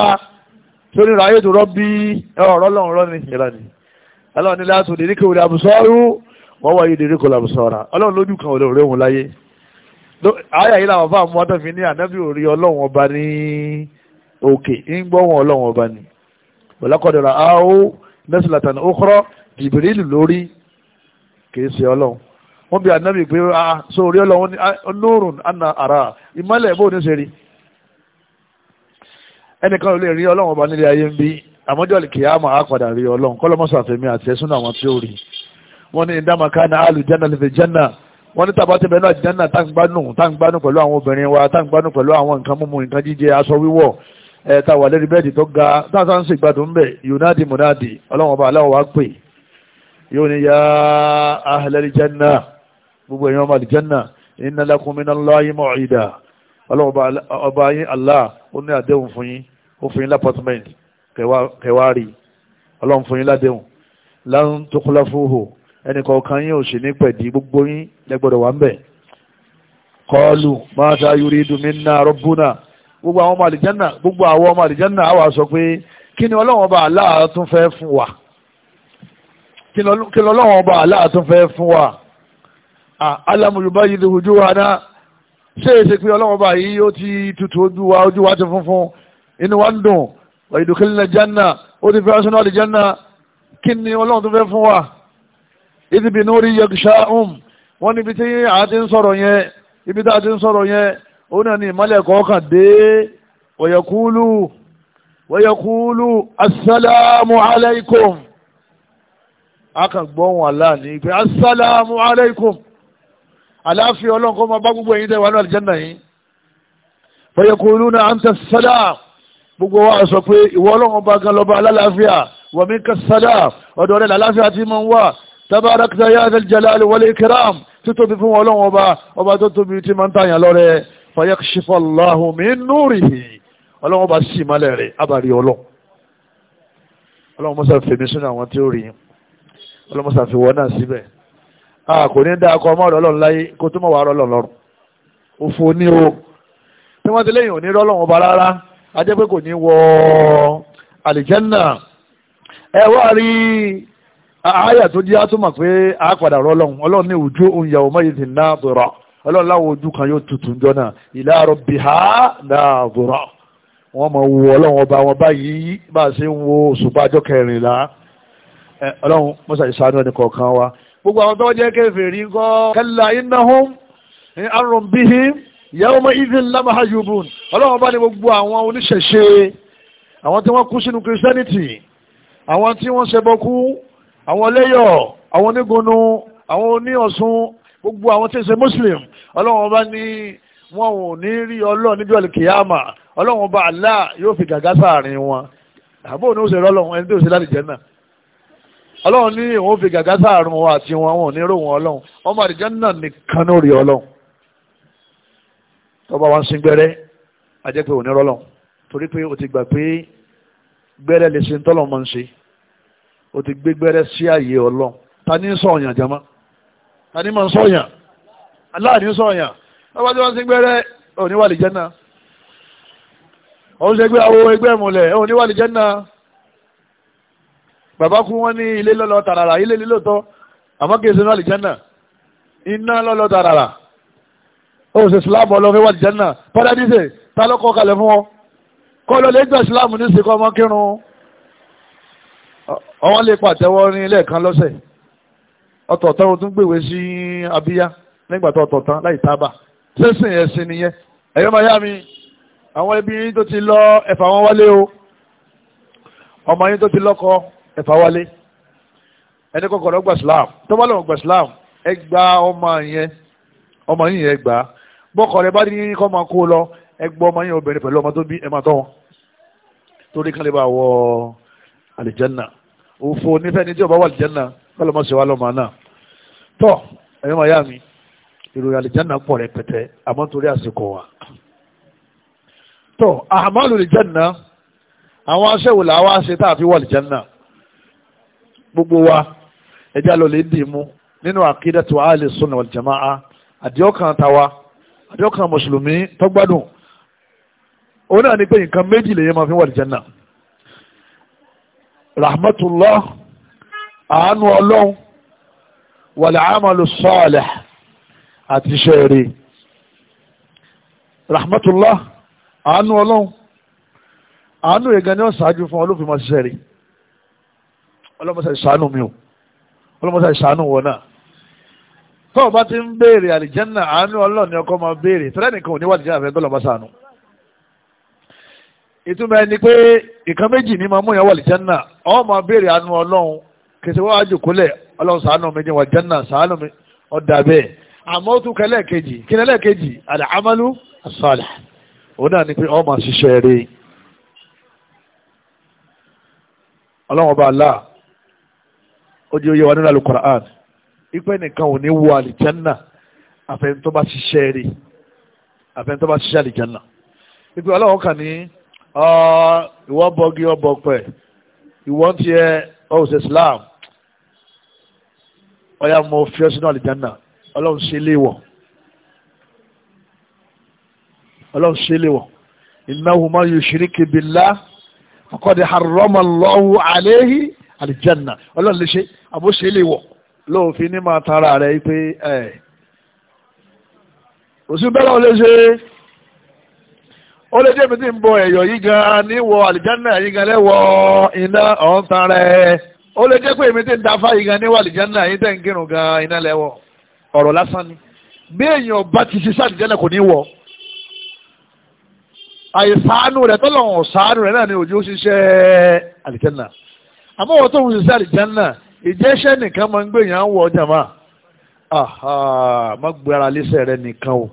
sórí ràyè tó rọ́ bí ọ̀rọ̀ ọlọ́run rọ́ ni ìlànà ọlọ́run ní láti òdìrí kò làbùsọ́rù wọ́n wáyé òdìrí kò làbùsọ́ra ọlọ́run lójú kan òdòrò òun láyé àyà yìí làwọn fáwọn ọmọdé fi ní ànábì òrí ọlọ́run ọba ní òkè ń gbọ́ wọn ọlọ́run ọba ní ọ̀làkọ̀dọ̀rà áó nẹ́sìlàtàn ókọ́rọ́ jìbìrìlù lórí kìí ṣe ọlọ́run wọ́n bí ànábì pé ah so orí ọlọ́run ní onórùn àrà ìmọ̀lẹ̀ bóun ní àmọ́jọ́ kìyàmọ̀ àpàdà rí ọlọ́run kọ́lọ́mọ́sà fèmí àti ẹ̀sùn àwọn tí ó rí wọ́n ní ìdámaka ní àlù jẹ́nà lè fi jẹ́nà wọ́n ní tàbátẹ́bẹ̀ náà jẹ́nà táǹgbánù táǹgbánù pẹ̀lú àwọn obìnrin wa táǹgbánù pẹ̀lú àwọn nǹkan mímu nǹkan jíjẹ aṣọ wíwọ̀ ẹ̀ẹ́ta wà lérí bẹ́ẹ̀dì tó ga táǹsán sì gbádùn bẹ̀ yunadi munadi ọlọ́run ọba aláwọ̀ wá pè yóò inna lakum minallahi maw'ida ọlọ́run ọba Allah ó ní àdéhùn fún yín kẹwàárí ọlọ́run fún yín ládéhùn láwọn tó kọ́lá fóhò ẹnì kọ̀ọ̀kan yín ò sì ní pẹ̀dí gbogbo yín lẹ́gbọ́dọ̀ wà ń bẹ̀ kọlu máta yúrí dùmínà rọ́bùnà gbogbo àwọn ọmọ àlìjánà gbogbo àwọn ọmọ àlìjánà àwà sọ pé kí ni ọlọ́run ọba aláà tún fẹ́ fún wa kí ni ọlọ́run ọba aláà tún fẹ́ fún wa alámùlùbá yìí lè hojú wa náà ṣé èsì e pé ọlọ́run ọba yìí ó ti tutù ojú wa ojú wa ti funfun inú wa ń dùn ọ̀yẹ̀dùkẹ́lẹ̀ janna ó ti fẹ́ arsenal janna kí ni ọlọ́run tó fẹ́ fún wa ìdìbì nórí yẹgṣáhùn wọ́n níbi tí a ti ń sọ̀rọ̀ yẹn ibi tí a ti ń sọ̀rọ̀ yẹn ó náà ní ìmọ́lẹ̀ kọ̀ọ̀kan dé wọ̀yẹ̀kúlù wọ̀yẹ̀kúlù assalamu alaikum akàgbọ́n Allah ní pé assalamu alaikum aláàfin ọlọ́run kó máa bá gbogbo ẹ̀yin tẹ́ wà ní àlìjẹ́nà yìí wọ̀yẹ̀kúlù náà anta salam gbogbo wa sọ pé ìwọ ọlọ́run bá gan lọ́ba alálàáfíà wọ̀mí kásádà ọ̀dọ̀ rẹ̀ làlàáfíà ti máa ń wà tabarakta ya zal jalal wal ikram títóbi fún ọlọ́run ọba ọba tó tóbi tí máa ń tàyàn lọ́rẹ̀ fayakshifalahu min nurihi ọlọ́run ọba sì malẹ̀ rẹ̀ abàrí ọlọ́run ọlọ́run mọ́sá fèmí sínú àwọn tí ó rí ọlọ́run mọ́sá fi wọ́n náà síbẹ̀ a kò ní dá akọ ọmọ ọ̀rọ̀ ọlọ́run láyé kó ajẹ́ pé kò ní wọ àlìjẹ́nà ẹ wá rí àáyà tó di àtúmọ̀ pé a padà rọ ọlọ́run ọlọ́run ní ojú òun yàwó mọ́ yìí ti ná ọlọ́run láwọn ojú kan yóò tutù ń jọ́nà ila ha náà bọ̀rọ̀ wọ́n mọ̀ ọlọ́run ọba wọn báyìí bá a ṣe ń wo kẹrìnlá ọlọ́run ẹni wa gbogbo àwọn tó jẹ́ yawma idhin la mahjubun ọlọ́wọ́n bá ní gbogbo àwọn oníṣẹ̀ṣe àwọn tí wọ́n kú sínú christianity àwọn tí wọ́n ṣẹbọkú àwọn lẹ́yọ̀ àwọn onígunnu àwọn oníọ̀sùn gbogbo àwọn tí ń ṣe muslim ọlọ́wọ́n bá ní wọn ò ní rí ọlọ́ọ̀ níjọ́ kìyàmà ọlọ́wọ́n bá Allah yóò fi gàgá sáàrin wọn àbó ní ó ṣe rọ́lọ́run ẹni tí ó ṣe láti jẹ́nà ọlọ́run ní òun fi gàgá sáàrin wọn àti wọn wọn ò ní rò wọn ọmọ àdìjẹ́ náà nìkan ní ó rí tọ́ba wa ń sin gbẹ́rẹ́ ajẹ́ pé òní rọ́lọ̀ torí pé o ti gbà pé gbẹ́rẹ́ lè ṣe ń tọ́lọ̀ mọ́ ń ṣe o ti gbé gbẹ́rẹ́ sí ààyè ọlọ́ ta ní sọ̀yàn jama ta ní máa ń sọ̀yàn aláàní sọ̀yàn tọ́ba tí wọ́n sin gbẹ́rẹ́ òní wà lè jẹ́ náà òun ṣe gbé awo ẹgbẹ́ ìmùlẹ̀ òní wà lè jẹ́ náà bàbá kú wọn ní ilé lọ́lọ́ tàràrà ilé lílòtọ́ àmọ́ kì í sinú àlìjẹ́ náà iná lọ́lọ́ tàràrà ó ṣe islam ọlọ́fẹ́ wà jẹ́nà pọ́dádíṣe ta ló kọ́ kalẹ̀ fún ọ kọ́ lọ lè gbà islam ní ìsìnkú ọmọ kírun ọwọ́n lè pàtẹ́wọ́ ní lẹ́ẹ̀kan lọ́sẹ̀ ọ̀tọ̀ọ̀tọ̀ o tún gbèwé sí abíyá nígbà tó ọ̀tọ̀ọ̀tọ̀ láì tábà sẹ́sìn ẹ̀sìn nìyẹn ẹ̀yọ́ máa yá mi àwọn ẹbí yín tó ti lọ ẹ̀fà wọn wálé o ọmọ yín tó ti lọ́kọ ẹ̀fà wálé ẹni kọ́kọ́ lọ gbà tó bá lọ́wọ́ bọ́kọ̀ rẹ bá ní kọ́ máa kó lọ ẹgbọ́ ọmọ yẹn obìnrin pẹ̀lú ọmọ tó bí ẹ máa tọ́ wọn torí kan lè bá wọ àlìjẹ́nà òfò nífẹ̀ẹ́ ni tí ọba wà àlìjẹ́nà kọ́ ló máa ṣe wá lọ́mọ náà tọ́ ẹ̀yọ́ màá yá mi ìròyìn àlìjẹ́nà pọ̀ rẹpẹtẹ àmọ́ torí àsìkò wa tọ́ àmàlù àlìjẹ́nà àwọn aṣẹ́wò làwọn aṣe tá a fi wà àlìjẹ́nà gbogbo wa ẹjẹ́ àlọ́ lè dì mú nínú àkídàtu ahli sunna àdìọ́kàn tàwa àdéhùn mùsùlùmí tó gbádùn òun náà ni pé nǹkan méjì lè yẹ máa fi wà lìjẹ́nà rahmatullah àánú ọlọ́run wàlẹ̀ àmàlù sọ́ọ̀lẹ̀ àti iṣẹ́ rẹ̀ rahmatullah àánú ọlọ́run àánú ìgànnì ọ̀sáájú fún ọlọ́fin máa ṣiṣẹ́ rẹ̀ ọlọ́mọṣẹ́ ìṣàánú mi ò ọlọ́mọṣẹ́ ìṣàánú wọn náà tọ́ọ̀ bá ti ń béèrè àlìjẹ́nà àánú ọlọ́ọ̀ ni ọkọ máa béèrè tẹ́lẹ̀ nìkan ò ní wà nìjẹ́ àfẹ́ tọ́lọ́ sànù. ìtumọ̀ ẹni pé ìkan méjì yẹn wà ọ máa béèrè àánú ọlọ́run kèsì wọ́n á jòkólẹ̀ ọlọ́run sàánù mi wà ipe nìkan ò ní wo àlìjánná àfẹn tó bá ṣiṣẹ́ rí àfẹn tó bá ṣiṣẹ́ àlìjánná ipe ọlọ́run kàn ní ìwọ bọ́gí ọbọ̀ pẹ̀ ìwọ ti ẹ ọ̀sẹ̀ Islam ọ̀yà mo fi ọ sínú àlìjánná ọlọ́run ṣe léwọ̀ ọlọ́run ṣe léwọ̀ innahu man yushrik billah faqad harrama Allahu alayhi àlìjánná ọlọ́run lè ṣe àbóṣe léwọ̀ lóun fi ní máa tara rẹ̀ pé ẹ̀ òsì bẹ́ẹ̀ lọ́wọ́ lè ṣe ó lè jẹ́ mi tí ń bọ ẹ̀yọ̀ yìí gan níwọ̀ àlìjánà yìí gan lẹ́wọ̀ iná ọ̀hún tan rẹ̀ ó lè jẹ́ pé èmi tí ń dafa yìí gan níwọ̀ àlìjánà yìí tẹ̀ ń kírun gan iná lẹ́wọ̀ ọ̀rọ̀ lásán ni bí èèyàn bá ti ṣe sáàlìjánà kò ní wọ̀ àìsàánú rẹ̀ tọ́lọ̀ ọ̀sàánú rẹ̀ náà ni òjò ṣiṣẹ́ àlìjánà àmọ́ wọ́n tó ń ṣiṣẹ́ àlìjánà ìjẹ́ṣẹ́ nìkan máa ń gbé yàn án wọ ọjà máa má gbé ara lẹ́sẹ̀ rẹ nìkan o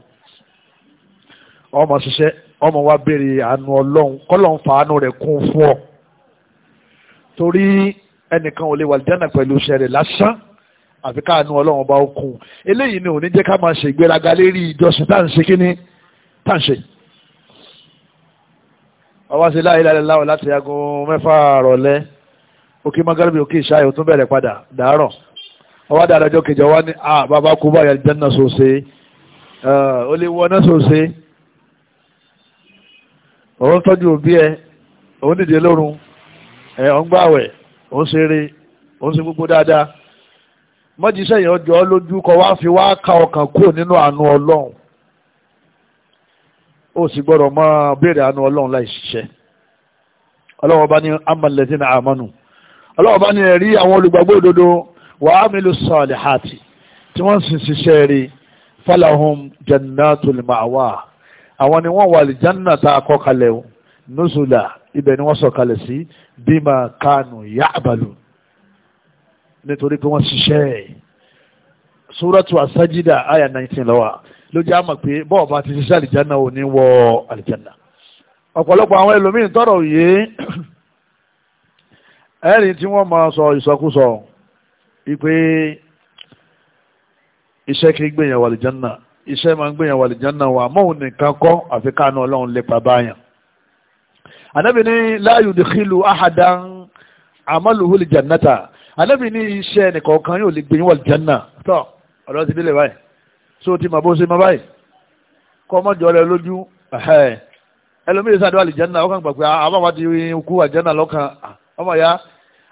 ọmọ ṣiṣẹ́ ọmọ wa béèrè àánú ọlọ́run kọ́lọ́n fàánú rẹ̀ kún fún ọ torí ẹnìkan ò lè wà lìjánà pẹ̀lú iṣẹ́ rẹ̀ lásán àfi káàánú ọlọ́run bá ó kún eléyìí ni ò ní jẹ́ ká máa ṣe ìgbéraga lérí ìjọsìn tá à ń ṣe kíní tá à ń ṣe ọwọ́ sí láyé lálẹ́ láwọn láti aago mẹ́fà rọ̀lẹ́ òkè magaribi òkè ìṣáyẹ ó bẹ̀rẹ̀ padà dàárọ̀ ọwọ́ dáadáa ọjọ́ kejì ọwọ́ ni a ah, bàbá kú báyà jẹ́nà sòsè ó lè wọ́n náà sòsè òun tọ́jú òbí ẹ òun dìde lórun ẹ eh, òun gbààwẹ̀ òun ṣeré òun ṣe gbogbo dáadáa mọ́jíṣẹ́ yẹn ọjọ́ lójú wá fi wá ka ọkàn kúrò nínú àánú ọlọ́run ó sì gbọ́dọ̀ máa béèrè àánú ọlọ́run láì ṣiṣẹ́ ọlọ́run na àmọ́nù. ọlọ́ọ̀bá ni ẹ̀rí àwọn olùgbàgbọ́ òdodo wà á mílò sàlìhàtì tí wọ́n sì ṣiṣẹ́ rí falahum jannatul ma'wa àwọn ni wọ́n wà lè janna tá a kọ́ kalẹ̀ o nuzula ibẹ̀ ni wọ́n sọ kalẹ̀ sí bima kanu ya'balu nítorí pé wọ́n ṣiṣẹ́ suratu asajida aya 19 lọ́wọ́ ló àmọ̀ pé bọ́ọ̀bá ti ṣiṣẹ́ àlìjánná ò ní wọ àlìjánná ọ̀pọ̀lọpọ̀ àwọn ẹlòmíín tọrọ yìí ẹ̀rí tí wọ́n máa sọ ìsọkúsọ ipe iṣẹ́ kì í gbèyàn wà lìjánà iṣẹ́ máa ń gbèyàn wà lìjánà wà mọ́hùn nìkan kọ́ àfi káàánú ọlọ́run lépa báyàn. ànábì ní la yudkhilu ahadan amaluhu lìjánàta ànábì ní iṣẹ́ nìkọ̀ọ̀kan yóò lè gbèyàn wà lìjánà tọ́ ọ̀rọ̀ ti délé báyìí sóò ti màbó ṣe má báyìí kọ́ ọmọdé ọ̀rẹ́ lójú ẹlòmíràn sàdúrà lìjánà ọkàn gbàgbé àwọn ah, àwọn àti ikú àjánà lọ́kàn ah, ọmọ ya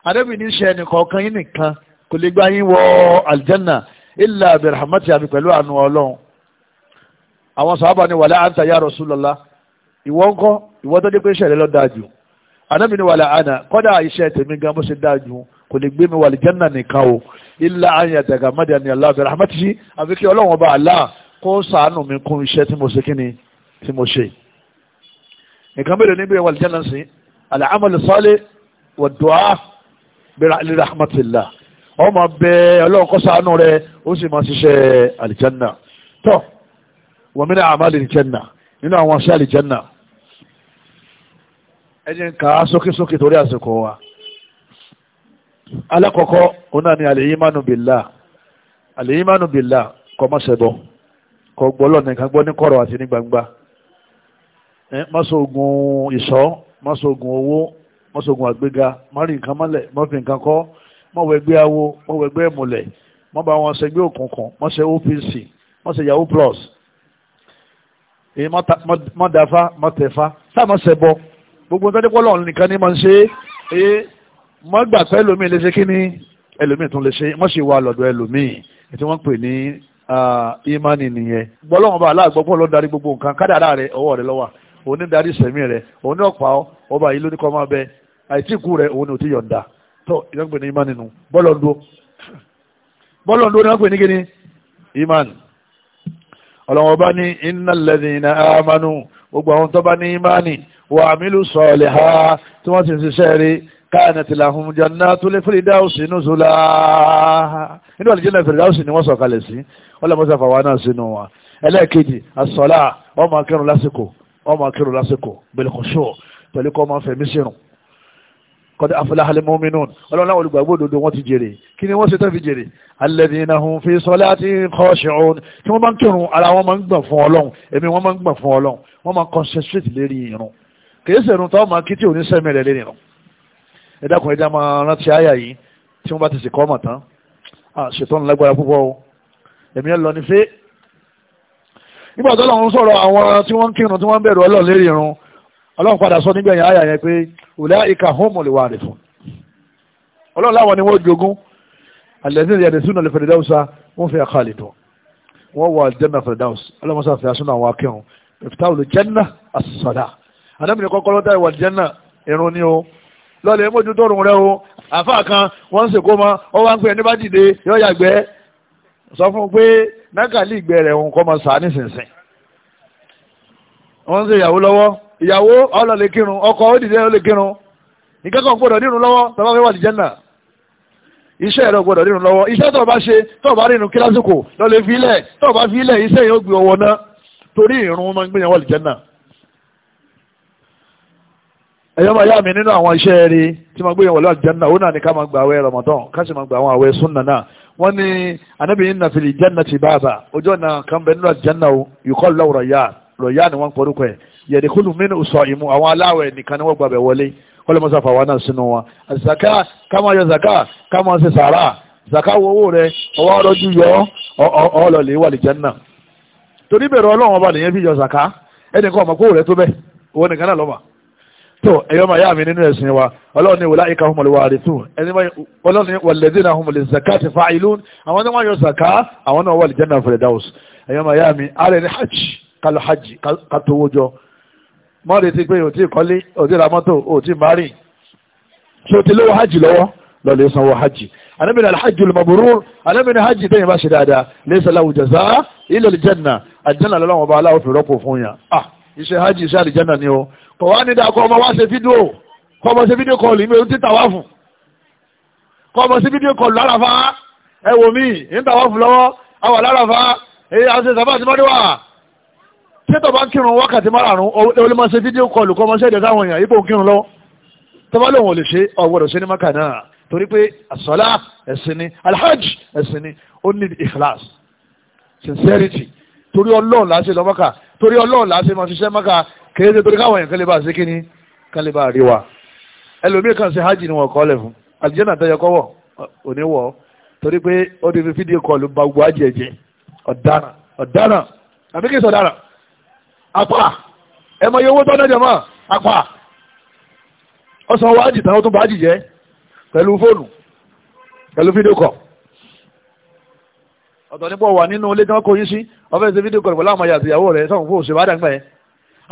àdébì ní iṣẹ́ ẹnìkọ̀ọ̀kan yín nìkan kò lè gba yín wọ àlìjẹ́nà ilà abirahmati àbí pẹ̀lú àánú ọlọ́run àwọn sàhábà ni wàlẹ́ àǹtà ya Rasulullah ìwọ ńkọ́ ìwọ tó dé pé iṣẹ́ rẹ lọ dáa jù àdébì ní wàlẹ́ àná kọ́dà iṣẹ́ tèmi gan bó ṣe dáa jù kò lè gbé mi wà àlìjẹ́nà nìkan o ilà àyàn dàgà mọ́dà ni àlà abirahmati àbí kí ọlọ́run ọba àlà kó sàánù mi kún iṣẹ́ tí mo ṣe kí ni tí mo ṣe nǹkan mélòó níbi wàlìjẹ́nà sí àlà àmàlù sọ́lé wà dùá bi rahmatillah ọmọ bẹ ọlọ́run kó ṣàánú rẹ ó sì máa ṣiṣẹ́ àlìjánà tọ́ wọ́n mi ní àmàlì àlìjánà nínú àwọn aṣẹ́ àlìjánà ẹni ń kà á sókèsókè torí àsìkò wa alákọ̀ọ́kọ́ òun náà ni àlèyímánu bìlá àlèyímánu bìlá kọ́ má ṣẹbọ kọ́ gbọ́ lọ́nà kan gbọ́ ní kọ̀rọ̀ àti ní gbangba má ṣoògùn ìṣọ́ má ṣoògùn owó mọ́sọ̀gùn àgbéga mọ́rin nǹkan mọ́lẹ̀ mọ́fin nǹkan kọ́ mọ́wẹ́gbé awo mọ́wẹ́gbé ẹ̀mọ́lẹ̀ mọ́ba wọn ṣẹgbẹ́ òkùnkùn mọ́ṣẹ́ opc mọ́ṣẹ́ yahoo plus èyí mọ́dàfá mọ́tẹ̀fá sáàmọ́ ṣẹbọ gbogbo ń tẹ́lẹ̀ pọ́lọ́ nìkan ní máa ń ṣe é mọ́gbà pé ẹlòmíì lè ṣe kí ni ẹlòmíì tún lè ṣe mọ́ṣẹ́ wà lọ́dọ̀ ẹlòmíì tí wọ́n pè ní ìmánì òun ní darí sẹ̀mí rẹ̀ òun ní ọ̀pá ọba yìí lóní kọ́ máa bẹ àìtí ikú rẹ̀ òun ní òtí yọ̀ǹda tó ìdánpẹ̀ ní imán nínú bọ́ọ̀lù ọ̀dọ́ bọ́ọ̀lù ọ̀dọ́ pè ní kíni imán ọlọ́wọ́n bá ní innal ladhina amanu gbogbo àwọn tó bá ní imáni wa amilu saliha tí wọ́n ti ń ṣiṣẹ́ rí kanat lahum jannatul firdausi nuzula inú àlùjánnà firdausi ni wọ́n sọ̀kalẹ̀ sí ọlọ́mọ́sáfà wa náà sínú wa ẹlẹ́ẹ̀kejì as ọmọ akẹ́rùn lásìkò ọmọ akérò lásìkò bil khushu' pẹ̀lú kọ́ máa fẹ̀mí sírun qad aflaha al-mu'minun ọlọ́run láwọn olùgbàgbọ́ òdodo wọn ti jèrè kí ni wọ́n ṣe tán fi jèrè alladhina hum fi salatihim khashi'un kí wọ́n máa ń kírun ara wọn máa ń gbọ̀n fún ọlọ́run èmi wọ́n máa ń gbọ̀n fún ọlọ́run wọ́n máa ń concentrate lérí irun kìí sẹ̀rùn tó máa kí tí ò lérí irun ẹ dákun máa rántí àyà yìí tí wọ́n bá ti sì kọ́ mọ̀ tán ṣètò ńlágbára púpọ̀ o èmi lọ ní fẹ́ nígbà tó lọ́run sọ̀rọ̀ àwọn tí wọ́n ń kírun tí wọ́n ń bẹ̀rù ọlọ́run lérí irun ọlọ́run padà sọ nígbẹ̀yìn àyà yẹn pé ulaika humul warithun ọlọ́run láwọn ni wọ́n jogún alladhina yarisunal firdausa wọ́n fi khalidun wọ́n wọ aljanna firdaus ọlọ́run sọ fìyà sínú àwọn akẹ́hùn ìfitahùn jẹ́nà àṣàdá anábìnrin kọ́kọ́ lọ́dá ìwà jẹ́nà irun ni o o àfáà kan wọ́n ń sèkó ma ọ wá ń sọ fún pé nákàlí ìgbẹ́ rẹ̀ òun kọ́ mọ sàá nísinsìn wọ́n ń ṣe ìyàwó lọ́wọ́ ìyàwó ọlọ́ lè kírun ọkọ ó dìde ó lè kírun ìkẹ́kọ̀ọ́ gbọ́dọ̀ nírun lọ́wọ́ tọ́ba fẹ́ wà lìjẹ́ náà iṣẹ́ rẹ̀ gbọ́dọ̀ nírun lọ́wọ́ iṣẹ́ tó bá ṣe tó bá rìnrìn kílásìkò lọ́lẹ̀ fílẹ̀ tó bá fílẹ̀ iṣẹ́ yẹn gbé ọwọ́ náà torí ìrún ọmọ ìgbéyàwó lìjẹ́ náà ẹ̀yọ́ máa yá mi nínú àwọn iṣẹ́ rí tí máa gbéyàwó lọ́wọ́ jẹ́nà ó náà ní ká máa gba àwẹ̀ Ramadan ká sì máa gba àwọn àwẹ̀ súnà náà wọ́n ní anábì yìí nàfìlì jẹ́nà ti báàbà ojú ọ̀nà kan bẹ nínú àjẹ́nà o yìíkọ́ lọ́wọ́ rọ̀yà rọ̀yà ni wọ́n pọ̀rúkọ ẹ̀ yẹ̀dẹ̀kúlù mí sọ ìmú àwọn aláwẹ̀ nìkan ni wọ́n gbàbẹ̀ wọlé kọ́lọ́mọ́sá fàwọn náà sínú wọn zaka ká máa yọ zaka ká máa ṣe sàrà zaka wo owó rẹ ọwọ́ ọlọ́jú yọ ọlọ́lẹ̀ wà lè jẹ́nà torí bẹ̀rẹ̀ ọlọ́run ọba nìyẹn fi yọ zaka ẹnì kan ọmọ kó rẹ tó bẹ́ẹ̀ òun nìkan náà lọ́mọ so ẹ̀yọ́ máa yá mi nínú ẹ̀sìn wa ọlọ́run ní wòlá ìka humul warithun ẹni ọlọ́run ní walladhina hum lizzakati fa'ilun àwọn tí wọ́n yọ zaka àwọn náà wà lè jẹ́nà firdaus ẹ̀yọ́ máa yá mi ààrẹ ní hajj kálọ̀ hajj kátówó jọ má retí pé òtí ìkọ́lé òtí ra mọ́tò òtí mari ṣé o ti lówó hajj lọ́wọ́ lọ́lẹ̀ sanwó hajj anamina alhajj al anamina hajj tẹ́yìn bá ṣe dáadáa laysa lahu jazaa illa al-janna àjẹ́nà lọ́wọ́ ah iṣẹ́ hajj iṣẹ́ àlìjẹ́nà kò wá ní dàkọ ọmọ wá ṣe fídíò kọ ọmọ ṣe fídíò kọlù ìmọ̀ tí tàwa fún kọ ọmọ ṣe fídíò kọlù lárafá ẹ wò mí ń tàwa fún lọ́wọ́ àwà lárafá èyí à ń ṣe sábà tí mọ́dé wà ṣé tó bá ń kírun wákàtí márùn ó lè máa ṣe fídíò kọlù kọ ọmọ ṣe èdè táwọn èèyàn ipò kírun lọ tó bá alhaj ẹ̀sìn ni ó sincerity torí ọlọ́run láṣẹ lọ maka torí ọlọ́run láṣẹ máa ṣiṣẹ́ maka kìí ṣe torí káwọn èèyàn kálíbà ṣe kí ni kálíbà rí wa ẹlòmíì kan ṣe hajj ni wọn kọ́ lẹ̀ fún àlìjẹ́nà tó yẹ kọ́ wọ̀ òní torí pé ó ti fi fídíò kọlù ba gbogbo hajj ẹ̀jẹ̀ ọ̀daràn ọ̀daràn àbí kí n sọ̀daràn apá ẹ mọ iye owó tọ́ná jẹ mọ́ apá ọ̀sán wa hajj tán ó tún bá hajj jẹ pẹ̀lú fóònù pẹ̀lú fídíò kọ̀ ọ̀tọ̀ nípò wà nínú ilé tí wọ́n kó yín sí ọ̀fẹ́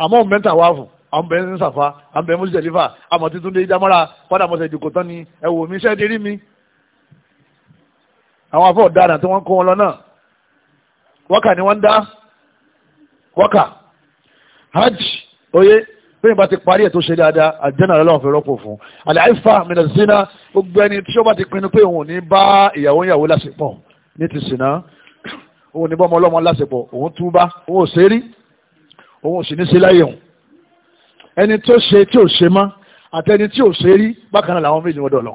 àmọ́ òun mẹ́ta wà fún àwọn bẹ̀rẹ̀ ń sàfà àwọn bẹ̀rẹ̀ mọ́sí jẹ̀lífà àmọ́ títún dé ìdámọ́ra padà mọ́sẹ̀ ìdìkò tán ni ẹ̀wò mi iṣẹ́ dérí mi. àwọn afọ ọ̀daràn tí wọ́n kó wọn lọ náà wákà ni wọ́n ń dá wákà hajj oyè bẹ́ẹ̀ bá ti parí ẹ̀ tó ṣe dáadáa àjẹ́nà rẹ̀ lọ́wọ́ fi rọ́pò fún àlàáfà mìíràn zina gbogbo ẹni tí ó bá ti pinnu pé òun ò ní bá ìyàwó ìyàwó lásìpọ̀ ní ti sìnà òun ò ní bá ọmọ ọlọ́mọ lásìpọ̀ òun túbá òun ò ṣe rí òun sì ní sí láyé òun ẹni tó ṣe tí ò ṣe mọ́ àtẹni tí ò ṣe rí bákan náà làwọn méjì wọ́dọ̀ lọ.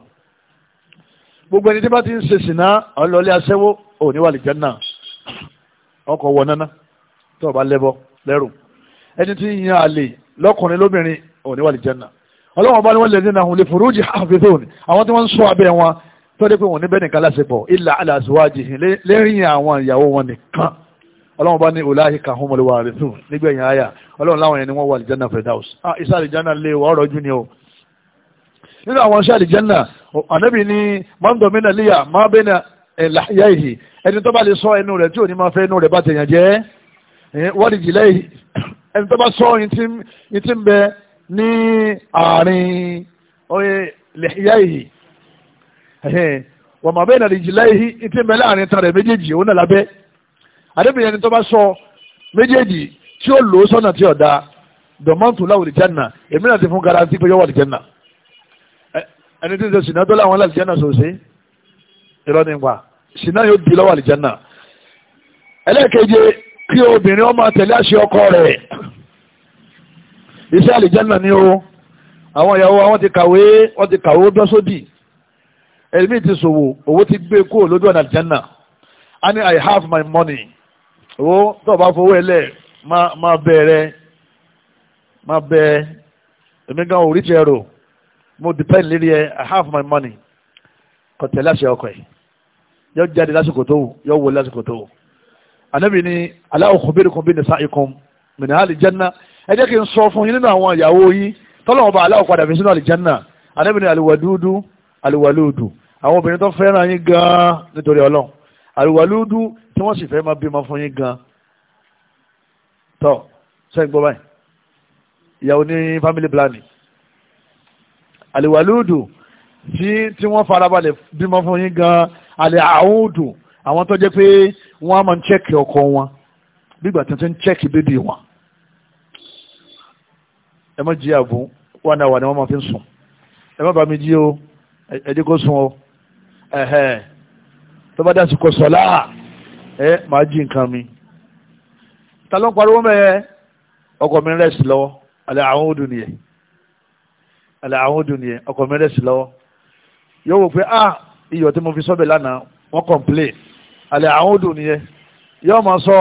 gbogbo ẹni tí bá ti ń ṣe sìnà ọlọ́lẹ́ aṣẹ́wó òní wà lìjẹ́ náà ọkọ̀ wọ náná tó bá lẹ́bọ lẹ́rù ẹni tí ń yan àlè lọ́kùnrin lóbìnrin òní wà lìjẹ́ náà ọlọ́wọ́n bá ní wọ́n lè dín náà lè fòrújì àfẹ́fẹ́ àwọn tí wọ́n ń ọlọ́run bá ní ọláhì kàhún mọ̀lẹ́wà rẹ̀ fún nígbẹ̀yìn àyà ọlọ́run láwọn yẹn ni wọ́n wà àlìjánà fẹ̀dáùs iṣẹ́ ah, àlìjánà lè wà ọ̀rọ̀ jù ni o nínú àwọn iṣẹ́ àlìjánà ànábì ní mọ́ndọ̀mínà líyà má bẹ́nà ẹ̀láyà ìhì ẹni tó bá lè sọ ẹnu rẹ̀ tí ò ní máa fẹ́ inú rẹ̀ bá tèèyàn jẹ́ wọ́n di jìlẹ̀ ìhì ẹni tó bá sọ àdébìyẹn ni tó bá sọ méjèèjì tí ó lò ó sọ́nà tí ó da dọ̀mọ́ntù láwùrì jẹ́nà èmi náà ti fún garanti pé yọ wà lìjẹ́nà ẹni tí ń sọ sìnà tó láwọn lálìjẹ́nà sòsí irọ́ ní pa sìnà yóò di lọ́wọ́ àlìjẹ́nà ẹlẹ́ẹ̀keje kí obìnrin ọmọ tẹ̀lé àṣẹ ọkọ rẹ̀ iṣẹ́ àlìjẹ́nà ni o àwọn ìyàwó àwọn ti kàwé wọ́n ti kàwé dọ́sódì ẹ̀mí ti ṣòwò owó ti gbé kúrò lójú ọ̀nà àlìjẹ́nà I need I have my money owó tó o bá fowó ẹlẹ máa bẹ rẹ máa bẹ èmi gan ò rí tiẹ rò mo depend lérí ẹ i have my money kọtẹ láṣẹ ọkọ ẹ yóò jáde lásìkò tó wù yóò wọlé lásìkò tó wù anabi ni aláwọ kòbéèrè kòbé ní sáà ikùn mìíràn àlìjánná ẹ jẹ́ kí n sọ fún yín nínú àwọn ìyàwó yìí tọ́lọ́wọ́n bá aláwọ padà fi sínú àlìjánná anabi ni aliwadudu aliwaludu àwọn obìnrin tó fẹ́ràn yín gan-an nítorí ọlọ́run aliwaludu tí wọ́n sì fẹ́ máa bímọ fún yín gan tọ́ sẹ́yìn gbọ́ báyìí ìyàwó ní family planning àlèwàlúùdù tí tí wọ́n farabalẹ̀ bímọ fún yín gan àlè àhúdù àwọn tó jẹ́ pé wọ́n á máa ń chẹ́kì ọkọ wọn bígbà tó ti ń chẹ́kì bébì wọn ẹ má jí àbú wọn náà wà ní wọ́n máa fi ń sùn ẹ má bàa mi jí o ẹ jẹ́ kó sùn o ẹ̀hẹ́ tó bá dá sí kó sọ láà. ẹ máa jí nǹkan mi ta ló ń pariwo mẹ́ẹ̀ ọkọ mi rẹ̀ sí lọ́wọ́ àlẹ́ àwọn odò nìyẹn àlẹ́ àwọn odò nìyẹn ọkọ mi rẹ̀ sí lọ́wọ́ yóò wò pé a iyọ̀ mo fi sọ́bẹ̀ lánàá wọ́n complain àlẹ́ àwọn odò nìyẹn yóò máa sọ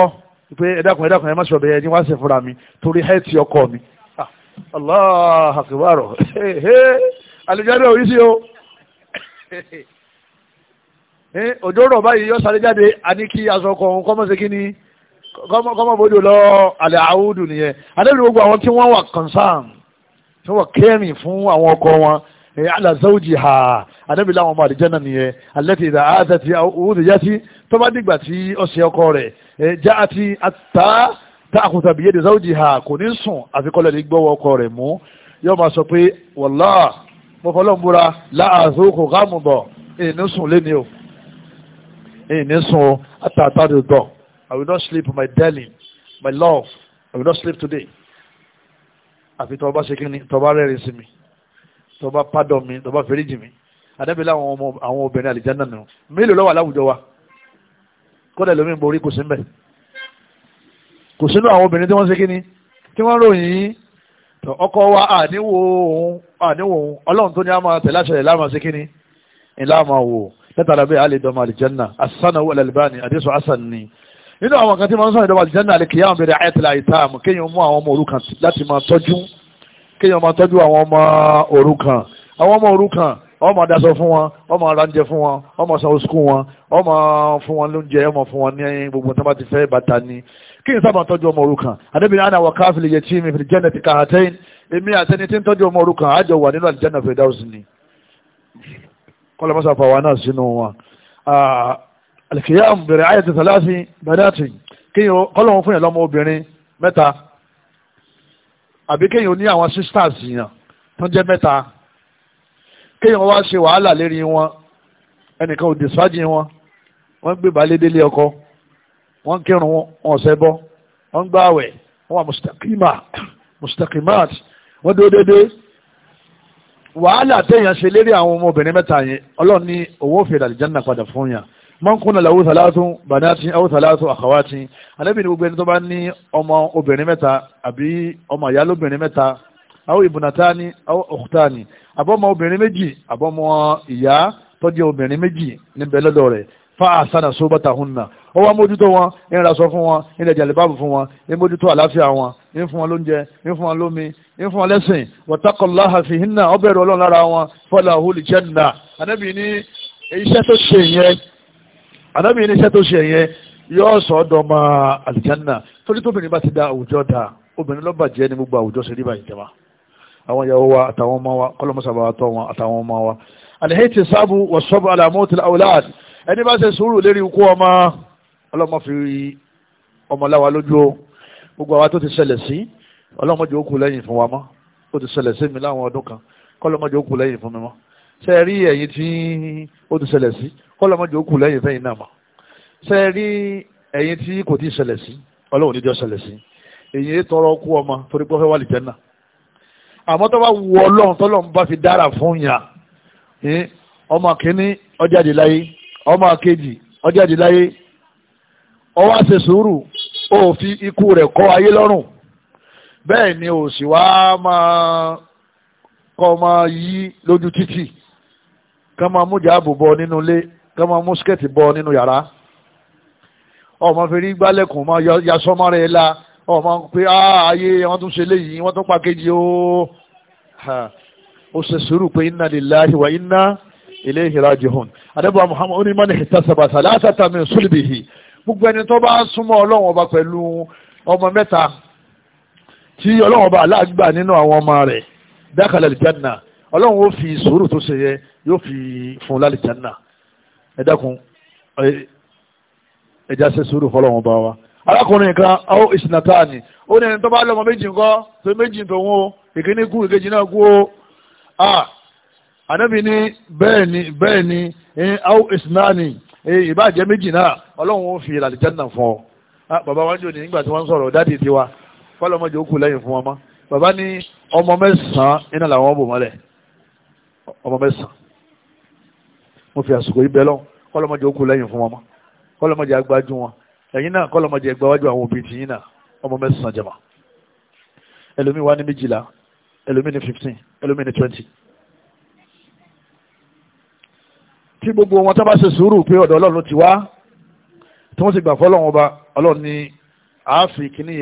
pé ẹ dákun ẹ dákun ẹ má sọ̀bẹ̀ ẹ fúnra mi torí hẹ́ẹ̀tì ọkọ mi ah, allah akibaru alùjáde òyìí o. <laughs> òjò rọ̀ báyìí yọ sáré jáde àní kí aṣọ kan kọ́mọ̀sí kí ni kọ́mọ̀bodò lọ àlẹ́ àwùdù nìyẹn adébí gbogbo àwọn tí wọ́n wà concern tí wọ́n kẹ́rìn fún àwọn ọkọ wọn alazawji ha adébí láwọn ọmọ àdìjẹ́ náà nìyẹn alẹ́tì ìdá àtẹ̀tì òwúdù yá sí tó bá dìgbà tí ọ̀sẹ̀ ọkọ rẹ̀ já àti àtà tá àkùtà bìyẹ́ dè zawji ha kò ní sùn àfikọ́lẹ̀ ní gbọ́wọ́ ọkọ rẹ̀ mú yóò máa sọ pé wàlá mo fọlọ́ ń búra láàzó kò gáàmù bọ̀ èèyàn sùn ẹ̀yìn ní I o àtàtà tó tọ̀ I will not sleep my darling my love I will not sleep today àfi tọ́ ọba ṣe kí ni tọ́ ọba rẹ́rìn sí mi tọ́ ọba pádọ̀ mi tọ́ ọba fẹ́ríjì mi àdẹ́bẹ̀lẹ̀ àwọn ọmọ àwọn obìnrin àlìjáná nù mélòó ló wà láwùjọ wa kọ́dà lómi borí kò sí mbẹ̀ kò sínú àwọn obìnrin tí wọ́n ṣe kí ni tí wọ́n ròyìn yín ọkọ wa àníwò òun àníwò òun ọlọ́run tó ní a máa tẹ̀láṣẹ̀ láàmà ṣe kí ni ìlàmà wò látara bẹ́ẹ̀ alẹ́ dọ́mọ àlìjẹ́nà asánàwó alẹ́lẹ́báni àdéṣù asan ni nínú àwọn kan tí wọ́n ń sọ̀rọ̀ ìdọ́mọ àlìjẹ́nà àlẹ́ kìyàwó bẹ̀rẹ̀ àyẹ̀tìlá ìtaàmù kéèyàn mú àwọn ọmọ òrukàn láti máa tọ́jú kéèyàn máa tọ́jú àwọn ọmọ òrukàn àwọn ọmọ òrukàn ọmọ adaṣọ fún wọn ọmọ aránjẹ fún wọn ọmọ sọ sukú wọn ọmọ fún wọn lóúnjẹ ọmọ fún wọn ní gbogbo tó bá ti fẹ́ bàtà ni kí n sábà tọ́jú ọmọ òrukàn àdébìnrin àná wọ káfílì yẹ tí mi fi jẹ́nẹ̀ ti kàhátẹ́yìn èmi àtẹni tí ń tọ́jú ọmọ òrukàn àjọ wà nínú àlìjẹ́nà fèrèdáùsì ni kọ́lọ́ mọ́sá fàwa náà sínú wọn alìkìyà bẹ̀rẹ̀ ayé tẹ̀sán láti bẹ̀rẹ̀ kéèyàn kọ́lọ́ wọn fún yẹn lọ́mọ obìnrin mẹ́ta àbí kéèyàn ní àwọn sisters yàn tó jẹ́ mẹ́ta kéèyàn wá ṣe wàhálà lérí wọn ẹnìkan ò dìsájì wọn wọ́n gbé balẹ̀ délé ọkọ wọ́n kírun wọn wàhálà téèyàn ṣe lérí àwọn ọmọbìnrin mẹ́ta yẹn ọlọ́run ní owó fèrè àlìjánà padà fún yàn man kúnna làwù sàlátù bànátì aw sàlátù àkàwátì anábìnrin gbogbo ẹni tó bá ní ọmọ obìnrin mẹ́ta àbí ọmọ ìyá lóbìnrin mẹ́ta aw ìbùnàtàní aw ọ̀kútàní àbọ̀mọ obìnrin méjì àbọ̀mọ ìyá tó obìnrin méjì níbẹ̀ lọ́dọ̀ rẹ̀ fa àsánà sóbàtà hunna ó wá mójútó wọn ń fún wọn ń lẹ̀ fún wọn ń mójútó wọn ń wọn lóúnjẹ ń wọn lómi ní fún ọlẹ́sìn wọ̀tákọ̀láhà fi hínà ọbẹ̀rẹ̀ ọlọ́run lára wọn fọ́lá húlì jẹ́nà anábì ní iṣẹ́ tó ṣe yẹn anábì ní iṣẹ́ tó ṣe yẹn yóò sọ ọ́ dọ́mọ àlìjánà torí tóbìnrin bá ti da àwùjọ da obìnrin lọ́ba jẹ́ ní gbogbo àwùjọ ṣe rí báyìí àwọn ìyàwó wa àtàwọn ọmọ wa kọ́lọ́mọ́sàbà tọ́ wọn àtàwọn ọmọ wa àlẹ́hìn ti sáàbù wọ̀sọ́bù alamọ́tì gbogbo àwa tó ti ṣẹlẹ̀ sí ọlọ́mọdé ó kù lẹ́yìn fún wa mọ́ ó ti ṣẹlẹ̀ sí mi láwọn ọdún kan kọ́lọ́mọdé ó kù lẹ́yìn fún mi mọ́ ṣe rí ẹ̀yin tí ó ti ṣẹlẹ̀ sí kọ́lọ́mọdé ó kù lẹ́yìn fẹ́yìn náà mọ́ ṣe rí ẹ̀yin tí kò ti ṣẹlẹ̀ sí ọlọ́run níjọ́ ṣẹlẹ̀ sí èyí tọrọ kú ọmọ torí pé ó fẹ́ wà lìjẹ́ náà àmọ́ tó bá wu ọlọ́run tọ́lọ́run bá fi dára fún yàn ọmọ kìíní ó ọmọ kejì ó jáde láyé sùúrù ó ikú rẹ̀ kọ́ ayé lọ́rùn bẹ́ẹ̀ ni ò sì wá máa kọ́ máa yí lójú títì ká máa mú jáàbù bọ nínú ilé ká máa mú skẹ́ẹ̀tì bọ nínú yàrá ọmọ fi rí gbálẹ̀kùn máa ya sọ́mọ́ rẹ̀ la ọmọ pé ayé wọ́n tún ṣe léyìí wọ́n tún pàkejì o ó ṣe sùúrù pé inna lillahi wa inna ilayhi raji'un adébọ̀ muhammad onímọ̀ ní ìtàsàbà sàlátàtà min sulbihi gbogbo ẹni tó bá súnmọ́ ọlọ́run ọba pẹ̀lú ọmọ mẹ́ta tí ọlọ́run ọba aláàgbà nínú àwọn ọmọ rẹ̀ dákàlẹ̀ àlìjánà ọlọ́run ó fi sùúrù tó ṣe yẹ yóò fi fún lálìjánà ẹ dákun ẹja ṣe sùúrù fọlọ́run ọba wa arákùnrin kan ó ìsìnàtà ni ó ní ẹni tó bá lọ́mọ méjì ńkọ́ tó méjì tòun o ìkíní kú ìkejì náà kú o ànábì ní bẹ́ẹ̀ ni bẹ́ẹ̀ ni ó ìsìnà ni ìbáàjẹ́ méjì náà ọlọ́run ó fi lálìjánà fún ọ bàbá wájú ni nígbà tí wọ́n ń sọ̀rọ̀ dáàdì kọ́lọ́mọdé ó kù lẹ́yìn fún ọmọ bàbá ní ọmọ mẹ́sàn-án iná làwọn bò mọ́lẹ̀ ọmọ mẹ́sàn-án mo fi àsìkò yìí bẹ́ẹ̀ lọ kọ́lọ́mọdé ó kù lẹ́yìn fún ọmọ kọ́lọ́mọdé agbájú wọn ẹ̀yin náà kọ́lọ́mọdé ẹgbàwájú àwọn òbí tìyín náà ọmọ mẹ́sàn-án jẹ̀mọ́ ẹlòmí wá ní méjìlá ẹlòmí ní fifteen ẹlòmí ní twenty. tí gbogbo wọn tó bá ṣe sùúrù pé ọ̀dọ̀ ọlọ́run ti wá tí wọ́n sì gbà fọ́lọ́run ọba ọlọ́run ní àáfin kìíní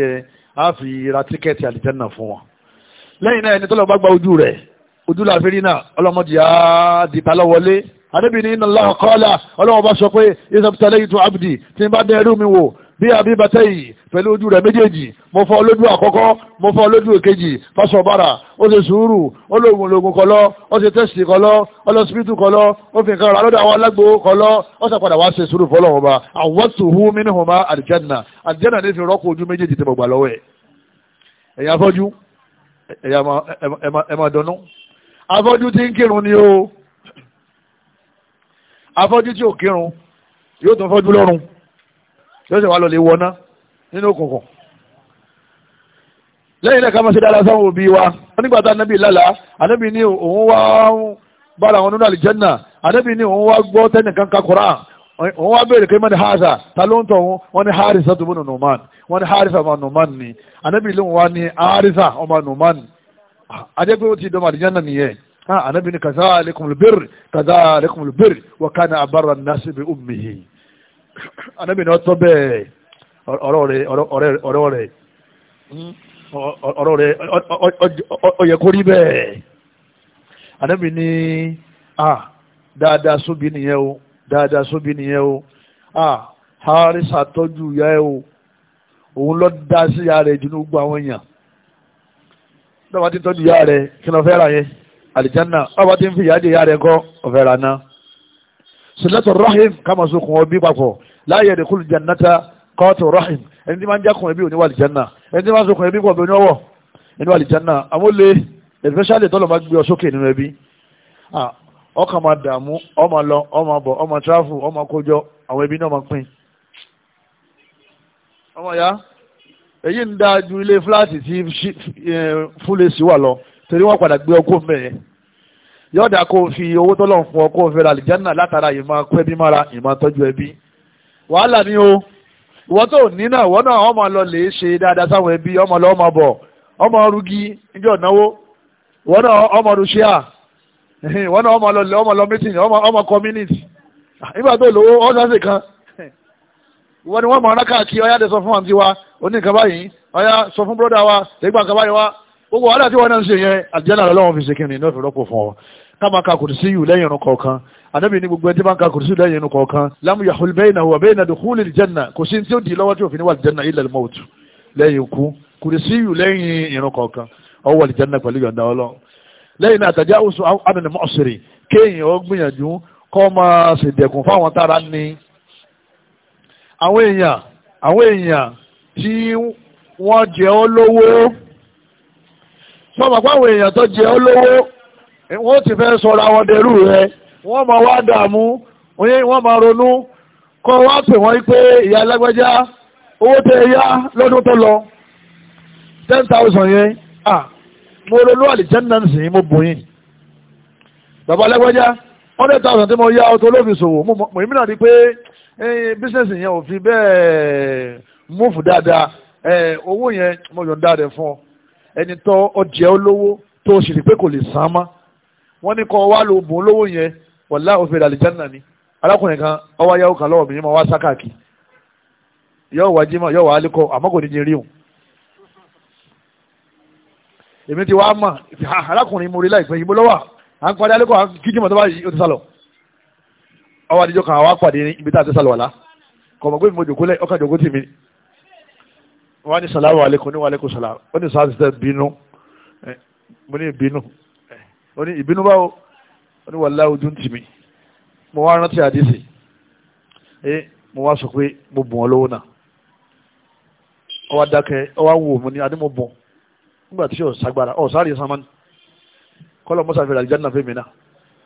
a fi ra tíkẹ́ẹ̀tì àlìjẹ́nà fún wọn lẹ́yìn náà ẹni tó lọ bá gba ojú rẹ̀ ojú la fi rí náà ọlọ́mọdé á dìtà lọ́wọ́lé àdébìnrin iná lọ́kọ́ọ́lá ọlọ́wọ́ bá sọ pé ìsọ̀tẹ́lẹ́yìn tó abdi tí n bá dẹ́rù mi wò bí abíbatẹ́ yìí pẹ̀lú ojú rẹ̀ méjèèjì mo fọ́ lójú àkọ́kọ́ mo fọ́ lójú èkejì fásọ̀bára ó ṣe sùúrù ó lògùn lògùn kọlọ́ ó ṣe tẹ́sì kọlọ́ ó lọ síbítù kọlọ́ ó fi nǹkan ra àwọn alágbó kọlọ́ ó ṣàpadà wá ṣe sùúrù fọlọ́hùn ba àwọn tòhú mínú ma àlìjánà àlìjánà ní fi rọ́kò ojú méjèèjì tí mo gbà lọ́wọ́ yóò sì wá lọ lè wọná nínú òkùnkùn lẹ́yìn náà ká máa ṣe dára sáwọn òbí wa wọ́n nígbà tá anábì lálàá anábì ní òun wá bára àwọn nínú àlìjẹ́nà anábì ní òun wá gbọ́ tẹ́nìkan ka Qur'an òun wá béèrè kéèmọ́ ní haza ta ló ń tọ̀ wọn wọ́n ní harisa tó bọ́nà numan wọ́n ní harisa ọmọ numan ni anábì lóun wá ní harisa ọmọ numan adégbé ti dọ́mọ àlìjẹ́nà nìyẹn anábì ah, ní kazalikumul birr kazalikumul birr wa kana abarra an anábì ni wọ́n tọ́ bẹ́ẹ̀ ọ̀rọ̀ rẹ̀ ọ̀rọ̀ rẹ̀ ọ̀rọ̀ rẹ̀ ọ̀yẹ̀ kó rí bẹ́ẹ̀ anábì ni ah dáadáa sóbi nìyẹn o dáadáa sóbi nìyẹn o ah harisa tọ́jú ìyá ẹ o òun lọ dá sí ìyá rẹ̀ jù ní gbogbo àwọn èèyàn lọ́wọ́ ti tọ́jú ìyá rẹ̀ kí ló fẹ́ ra yẹn àlìjánà ọba tí ń fi ìyá dé ìyá rẹ̀ kọ́ ọ̀fẹ́ ra náà sọlẹ́tọ̀ rahim ká máa so kùn ọ bí papọ̀ laa ẹ̀dẹ̀ kúlù jannata kọ́ọ̀tù rahim ẹni tí máa ń jákun ẹbí òní wà lìjánà ẹni tí máa ń sọkun ẹbí pọ̀ bẹ́ẹ̀ ọwọ́ ẹni wà lìjánà àmọ́ lè especially tọ́lọ̀ máa ọ sókè nínú ẹbí ọkàn dààmú ọmọ ọmọ ya èyí ń dáa ju ilé fúláàtì tí wà lọ torí wọ́n padà gbé mẹ́ẹ̀ wàhálà ni o ìwọ tó ní náà ìwọ náà ọmọ lọ lè ṣe dáadáa sáwọn ẹbí ọmọ lọ ọmọ bọ ọmọ rugi níjọ náwó ìwọ náà ọmọ <laughs> ìwọ náà ọmọ lọ ọmọ lọ meeting ọmọ community ah, nígbà tó <laughs> fún àǹtí wa sọ fún bróda wa báyìí wa gbogbo wàhálà tí náà ń ṣe yẹn kí ká máa ka kùrìsí yù lẹ́yìn irun kọ̀ọ̀kan ànábì ní gbogbo ẹni tí máa ń ka kùrìsí lẹ́yìn irun kọ̀ọ̀kan lámù yahul bayna wa bayna dukhulil janna kò sí tí ó di lọ́wọ́ tí òfin ní wà lìjẹ́nà illa al-maut lẹ́yìn ikú kùrìsí yù lẹ́yìn irun kọ̀ọ̀kan ó wà lìjẹ́nà pẹ̀lú yọ̀ǹda ọlọ́run lẹ́yìn náà tajawuzu anil mu'siri kéèyàn ó gbìyànjú kọ́ máa ṣèdẹ̀kùn fáwọn tára ní àwọn èèyàn àwọn èèyàn tí wọ́n jẹ ọ́ lówó wọ́n ti fẹ́ sọ̀rọ̀ àwọn dẹ̀rú rẹ̀ wọ́n máa wá dààmú wọ́n máa ronú kọ́ wá pè wọ́n pé ìyá alágbájá owó tẹ ẹ yá lọ́dún tó lọ ten thousand yẹn ah mo ronú àlìjẹ́nà sí mo bùn yín bàbá alágbájá hundred thousand tí mo yá ọtọ olófin ṣòwò mo ìmí náà di pé bísíǹsì yẹn ò fi bẹ́ẹ̀ múfù dáadáa owó yẹn mo yọ̀ǹda rẹ̀ fún ọ ẹni tó ọjẹ́ olówó tó o sì rí pé kò lè san án mọ́ wọ́n ní kọ́ wá lo bùn lówó yẹn wàlá òfin àlìjánà ni arákùnrin kan ọwọ́ ayáwó kan lọ́wọ́ obìnrin máa wá sákàkì yóò wá jímọ̀ yóò wá alikọ àmọ́ kò ní jin rí òun. èmi ti wá mọ̀ arákùnrin mo rí láìpẹ́ yìí bó lọ́wọ́ à ń parí alikọ kíkìmọ̀ tó bá yìí ó ti sálọ. ọwọ́ adijọ́ kan àwa pàdé ibi tá a ti sálọ wàlá kọ̀mọ̀ pé mo jòkó lẹ́yìn ọkàn jòkó tì mí. wọ́n ní sàlámù alẹ́kùn ní wàlẹ́kùn sàlámù ó ní sàlámù ó ní ìbínú báwo ó ní wàlá ojú ń tì mí mo wá rántí àdìsí ẹ mo wá sọ pé mo bùn ọ lówó náà ọ wá dákẹ́ ọ wá wò mo ní adé mo bùn nígbà tí ò sagbára ọ sáré sanmọ́ni kọ́lọ̀ mọ́sàfẹ́rẹ́ àlìjáde náà fẹ́ mi náà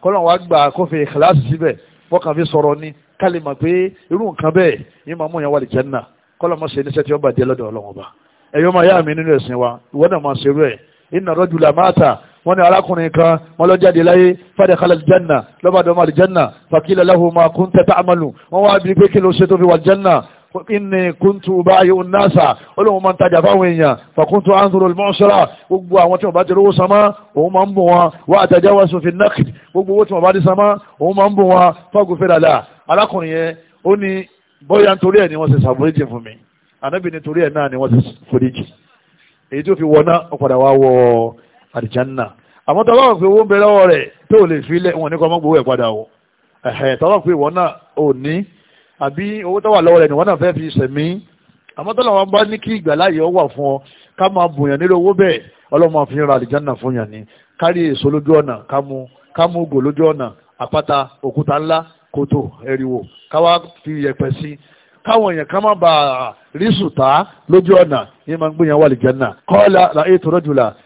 kọ́lọ̀ wá gbà kófin ìkàlásì síbẹ̀ bọ́kàn fi sọ̀rọ̀ ni ká lè pé irú nǹkan bẹ́ẹ̀ yín máa mú yẹn wà lè jẹ́nà kọ́lọ́ mọ̀ ṣe níṣẹ́ tí ó bàjẹ́ lọ́dọ̀ ọlọ́run ẹ̀yọ́ máa yá mi nínú ẹ̀sìn wa ìwọ náà máa ṣerú ẹ̀ iná rọ́jùlá máa tà wọ́n ní arákùnrin kan wọ́n lọ jáde láyé fẹ́dẹ̀ kalẹ̀ jẹ́nà lọ́bàdàn máa jẹ́nà fàkílẹ̀ lahu ma kunta ta'malu wọ́n wá bí pé kí ló ṣe tó fi wà jẹ́nà inni kuntu báyìí onáṣà olóhun máa ń tajà fáwọn èèyàn fàkúntù anzuru al gbogbo àwọn tí wọ́n bá ti rówó samá òun máa ń bù wọn wà àtàjáwàsó fi naqd gbogbo owó tí wọ́n bá ti samá òun máa ń bù wọn fọ́gùn fẹ́dàlà arákùnrin yẹn ó ní bóyá nítorí ẹ̀ ni wọ́n ṣe ṣàforíjì fún mi ànábì nítorí ẹ̀ náà ni wọ́n ṣe foríjì èyí tó fi wọ́n náà ó padà wá wọ́ àdìjánà àmọ́ tọ́ báwọn pé owó ń bẹ lọ́wọ́ rẹ̀ tó lè filẹ̀ wọn ní kọ́ mọ́ gbowó ẹ̀ padà o ẹ̀hẹ̀ tọ́ bá pé ìwọ náà ò ní àbí owó tó wà lọ́wọ́ rẹ̀ níwọ̀n náà fẹ́ fi sẹ̀mí àmọ́ tọ́ làwọn bá ní kí ìgbà láàyè ọ wà fún ọ ká máa bùyàn nílò owó bẹ́ẹ̀ ọlọ́mọ àfihàn ra àdìjánà fún yàn ni kárí èso lójú ọ̀nà kámú kámú ògò lójú ọ̀nà àpáta òkúta ńlá kòtò ẹ̀rìwò káwá fi yẹ̀pẹ̀ sí káwọn èèyàn ká má ba rísùtá lójú ọ̀nà yìí máa ń gbìyànjú àlìjánà kọ́ọ̀lá làyè tó rọ́jùlá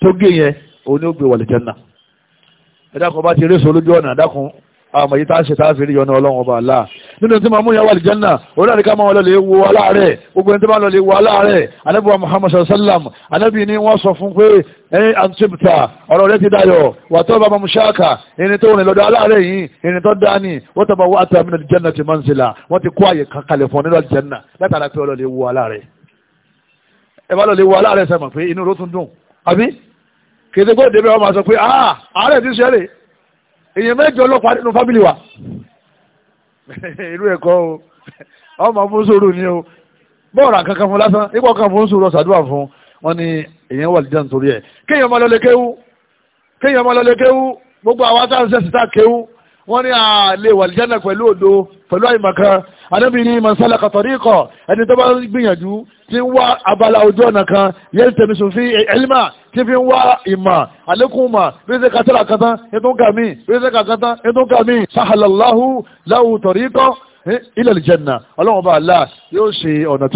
tó gé yẹn òun ni ó gbé wọ àlìjẹ́nà ẹ dákun bá ti réso lójú ọ̀nà dákun àmọ̀ yìí tá a ṣe tá a fi rí ọ̀nà ọlọ́run ọba àlá nínú tí màmú yẹn wà àlìjẹ́nà òun náà ní ká máa lọ lè wo aláàárẹ̀ gbogbo ẹni tí máa lọ lè wo aláàárẹ̀ anábì wa muhammad sallam anábì ni wọ́n sọ fún pé ẹni antipta ọ̀rọ̀ rẹ ti dayọ̀ wà tó bá mamu ṣáàkà ẹni tó rìn lọ́dọ̀ aláàárẹ̀ yìí ẹni tó dání wọ́n tó bá wọ́n àtàmì àlìjẹ́nà ti máa ń sila wọ́n ti kó àyè kankalẹ̀ fún nínú àlìjẹ́nà látara pé ọlọ́ àbí kèsè kó débẹ̀ wọn pé ah àárẹ̀ ti ṣẹlẹ̀ èèyàn mẹ́jọ ọlọ́pàá nínú fámìlì wa <laughs> irú ẹ̀kọ́ o <laughs> ọmọ fún sòrò ni o bọ́ọ̀rà kankan fún lásán ipò kan fún sòrò ṣàdúrà fún wọn ni èèyàn wà lìjà nítorí ẹ̀ kéèyàn máa lọlé kéèyàn máa lọlé gbogbo àwa tá à kéwú wọ́n ní àlè wàlìjánà pẹ̀lú òdo pẹ̀lú àìmọ̀kan anábì ní mọ̀sálà kàtọ́ríkọ̀ ẹni tó bá gbìyànjú tí ń wá abala ojú ọ̀nà kan yẹn tẹ̀mí sòfí ẹlímà tí fi ń wá ìmọ̀ àlékún mà ríṣẹ́ kàtàrà kàtà ètò ń kà mí ríṣẹ́ kàtà ètò ń kà mí sàhàlàláhù láwù tọ̀ríkọ̀ ilẹ̀ ìjẹ̀nà ọlọ́run bá àlá yóò ṣe ọ̀nà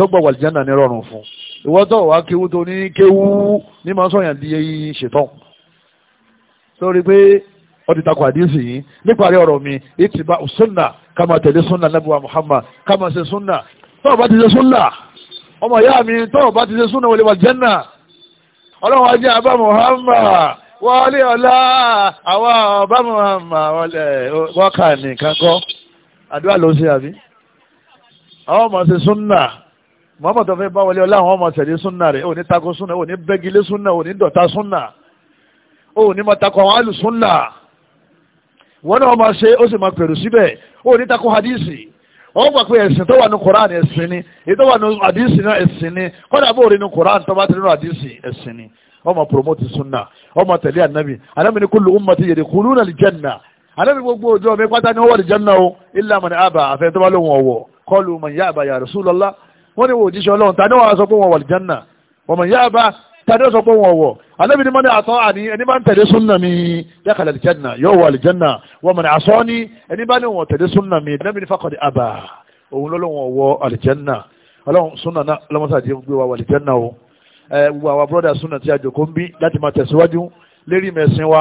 ó ti takò àdísì yìí níparí ọ̀rọ̀ mi ìtìbá sunna ká máa tẹ̀lé sunna nàbíwá Muhammad ká máa ṣe sunna tọ́ọ̀ bá ti ṣe sunna ọmọ ìyá mi tọ́ọ̀ bá ti ṣe sunna wọlé wà jẹ́nà ọlọ́run ajé àbá Muhammad wọlé ọlá àwa ọba Muhammad wọlé wọ́kà nìkan kọ́ àdúrà ló ṣe àbí àwọn ọmọ ṣe sunna Muhammad tó fẹ́ bá wọlé ọlá àwọn ọmọ tẹ̀lé sunna rẹ̀ ò ní takò sunna ò ní bẹ́gilé sunna ò ní dọ̀ta sunna ò ní mọ̀ takò àwọn wọ́n náà máa ṣe ó sì máa pẹ̀lú síbẹ̀ ó ní takò hadisi wọ́n gbà pé ẹ̀sìn tó wà ní koran ẹ̀sìn ni èyí tó wà ní hadisi náà ẹ̀sìn ni kọ́dà bó ní koran tó bá ti rí hadisi ẹ̀sìn ni wọ́n máa promote sunna wọ́n máa tẹ̀lé anabi anabi ni kullu ummati yadkhuluna aljanna anabi gbogbo ọjọ́ mi pátá ni wọ́n wà ní janna o illa man aba àfẹ́ tó bá lóhun ọ̀wọ̀ qalu man yaba ya tàbí ó sọ pé wọn wọ̀ anábì ní mọ́ni àtọ́ àní ẹni bá ń tẹ̀lé súnà mi yàkàlẹ̀ àlìjẹ́nà yóò wọ àlìjẹ́nà wọ́n mọ̀ni àsọ́ ní ẹni bá ní wọn tẹ̀lé súnà mi anábì ní fakọ̀dé àbà òun lọ́lọ́wọ́n wọ àlìjẹ́nà ọlọ́run súnà náà lọ́mọ́sàdé gbé wa àlìjẹ́nà o gbogbo àwa brọ́dà súnà tí a jòkó ń bí láti máa tẹ̀síwájú lérí mẹ̀sìn wa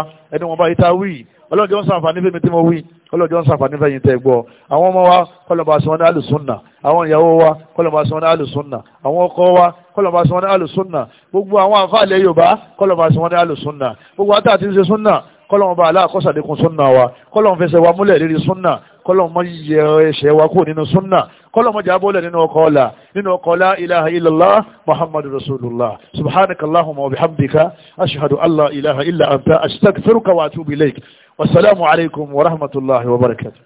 kọlọ̀bà sí wọn ní alùsùnà gbogbo àwọn àǹfààlẹ̀ yorùbá kọlọ̀bà sí wọn ní alùsùnà gbogbo àtà àti ṣe súnà kọlọ̀n bá aláàkọ́sàdékun súnà wa kọlọ̀n fẹsẹ̀ wa múlẹ̀ lérí súnà kọlọ̀n mọ yẹ ẹsẹ̀ wa kúrò nínú súnà kọlọ̀n mọ jábọ́lẹ̀ nínú ọkọ̀ ọ̀la nínú ọkọ̀ ọ̀la ilaha illallah muhammadu rasulullah subhanaka allahumma wa bihamdika ashhadu an ilaha illa anta astaghfiruka wa atubu ilaik wasalaamu alaykum wa rahmatulahi wa barakatuh.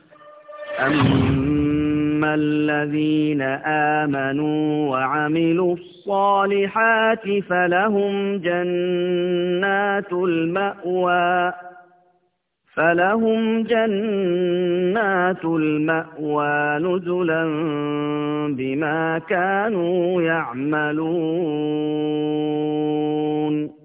أما الذين آمنوا وعملوا الصالحات فلهم جنات المأوى فلهم جنات المأوى نزلا بما كانوا يعملون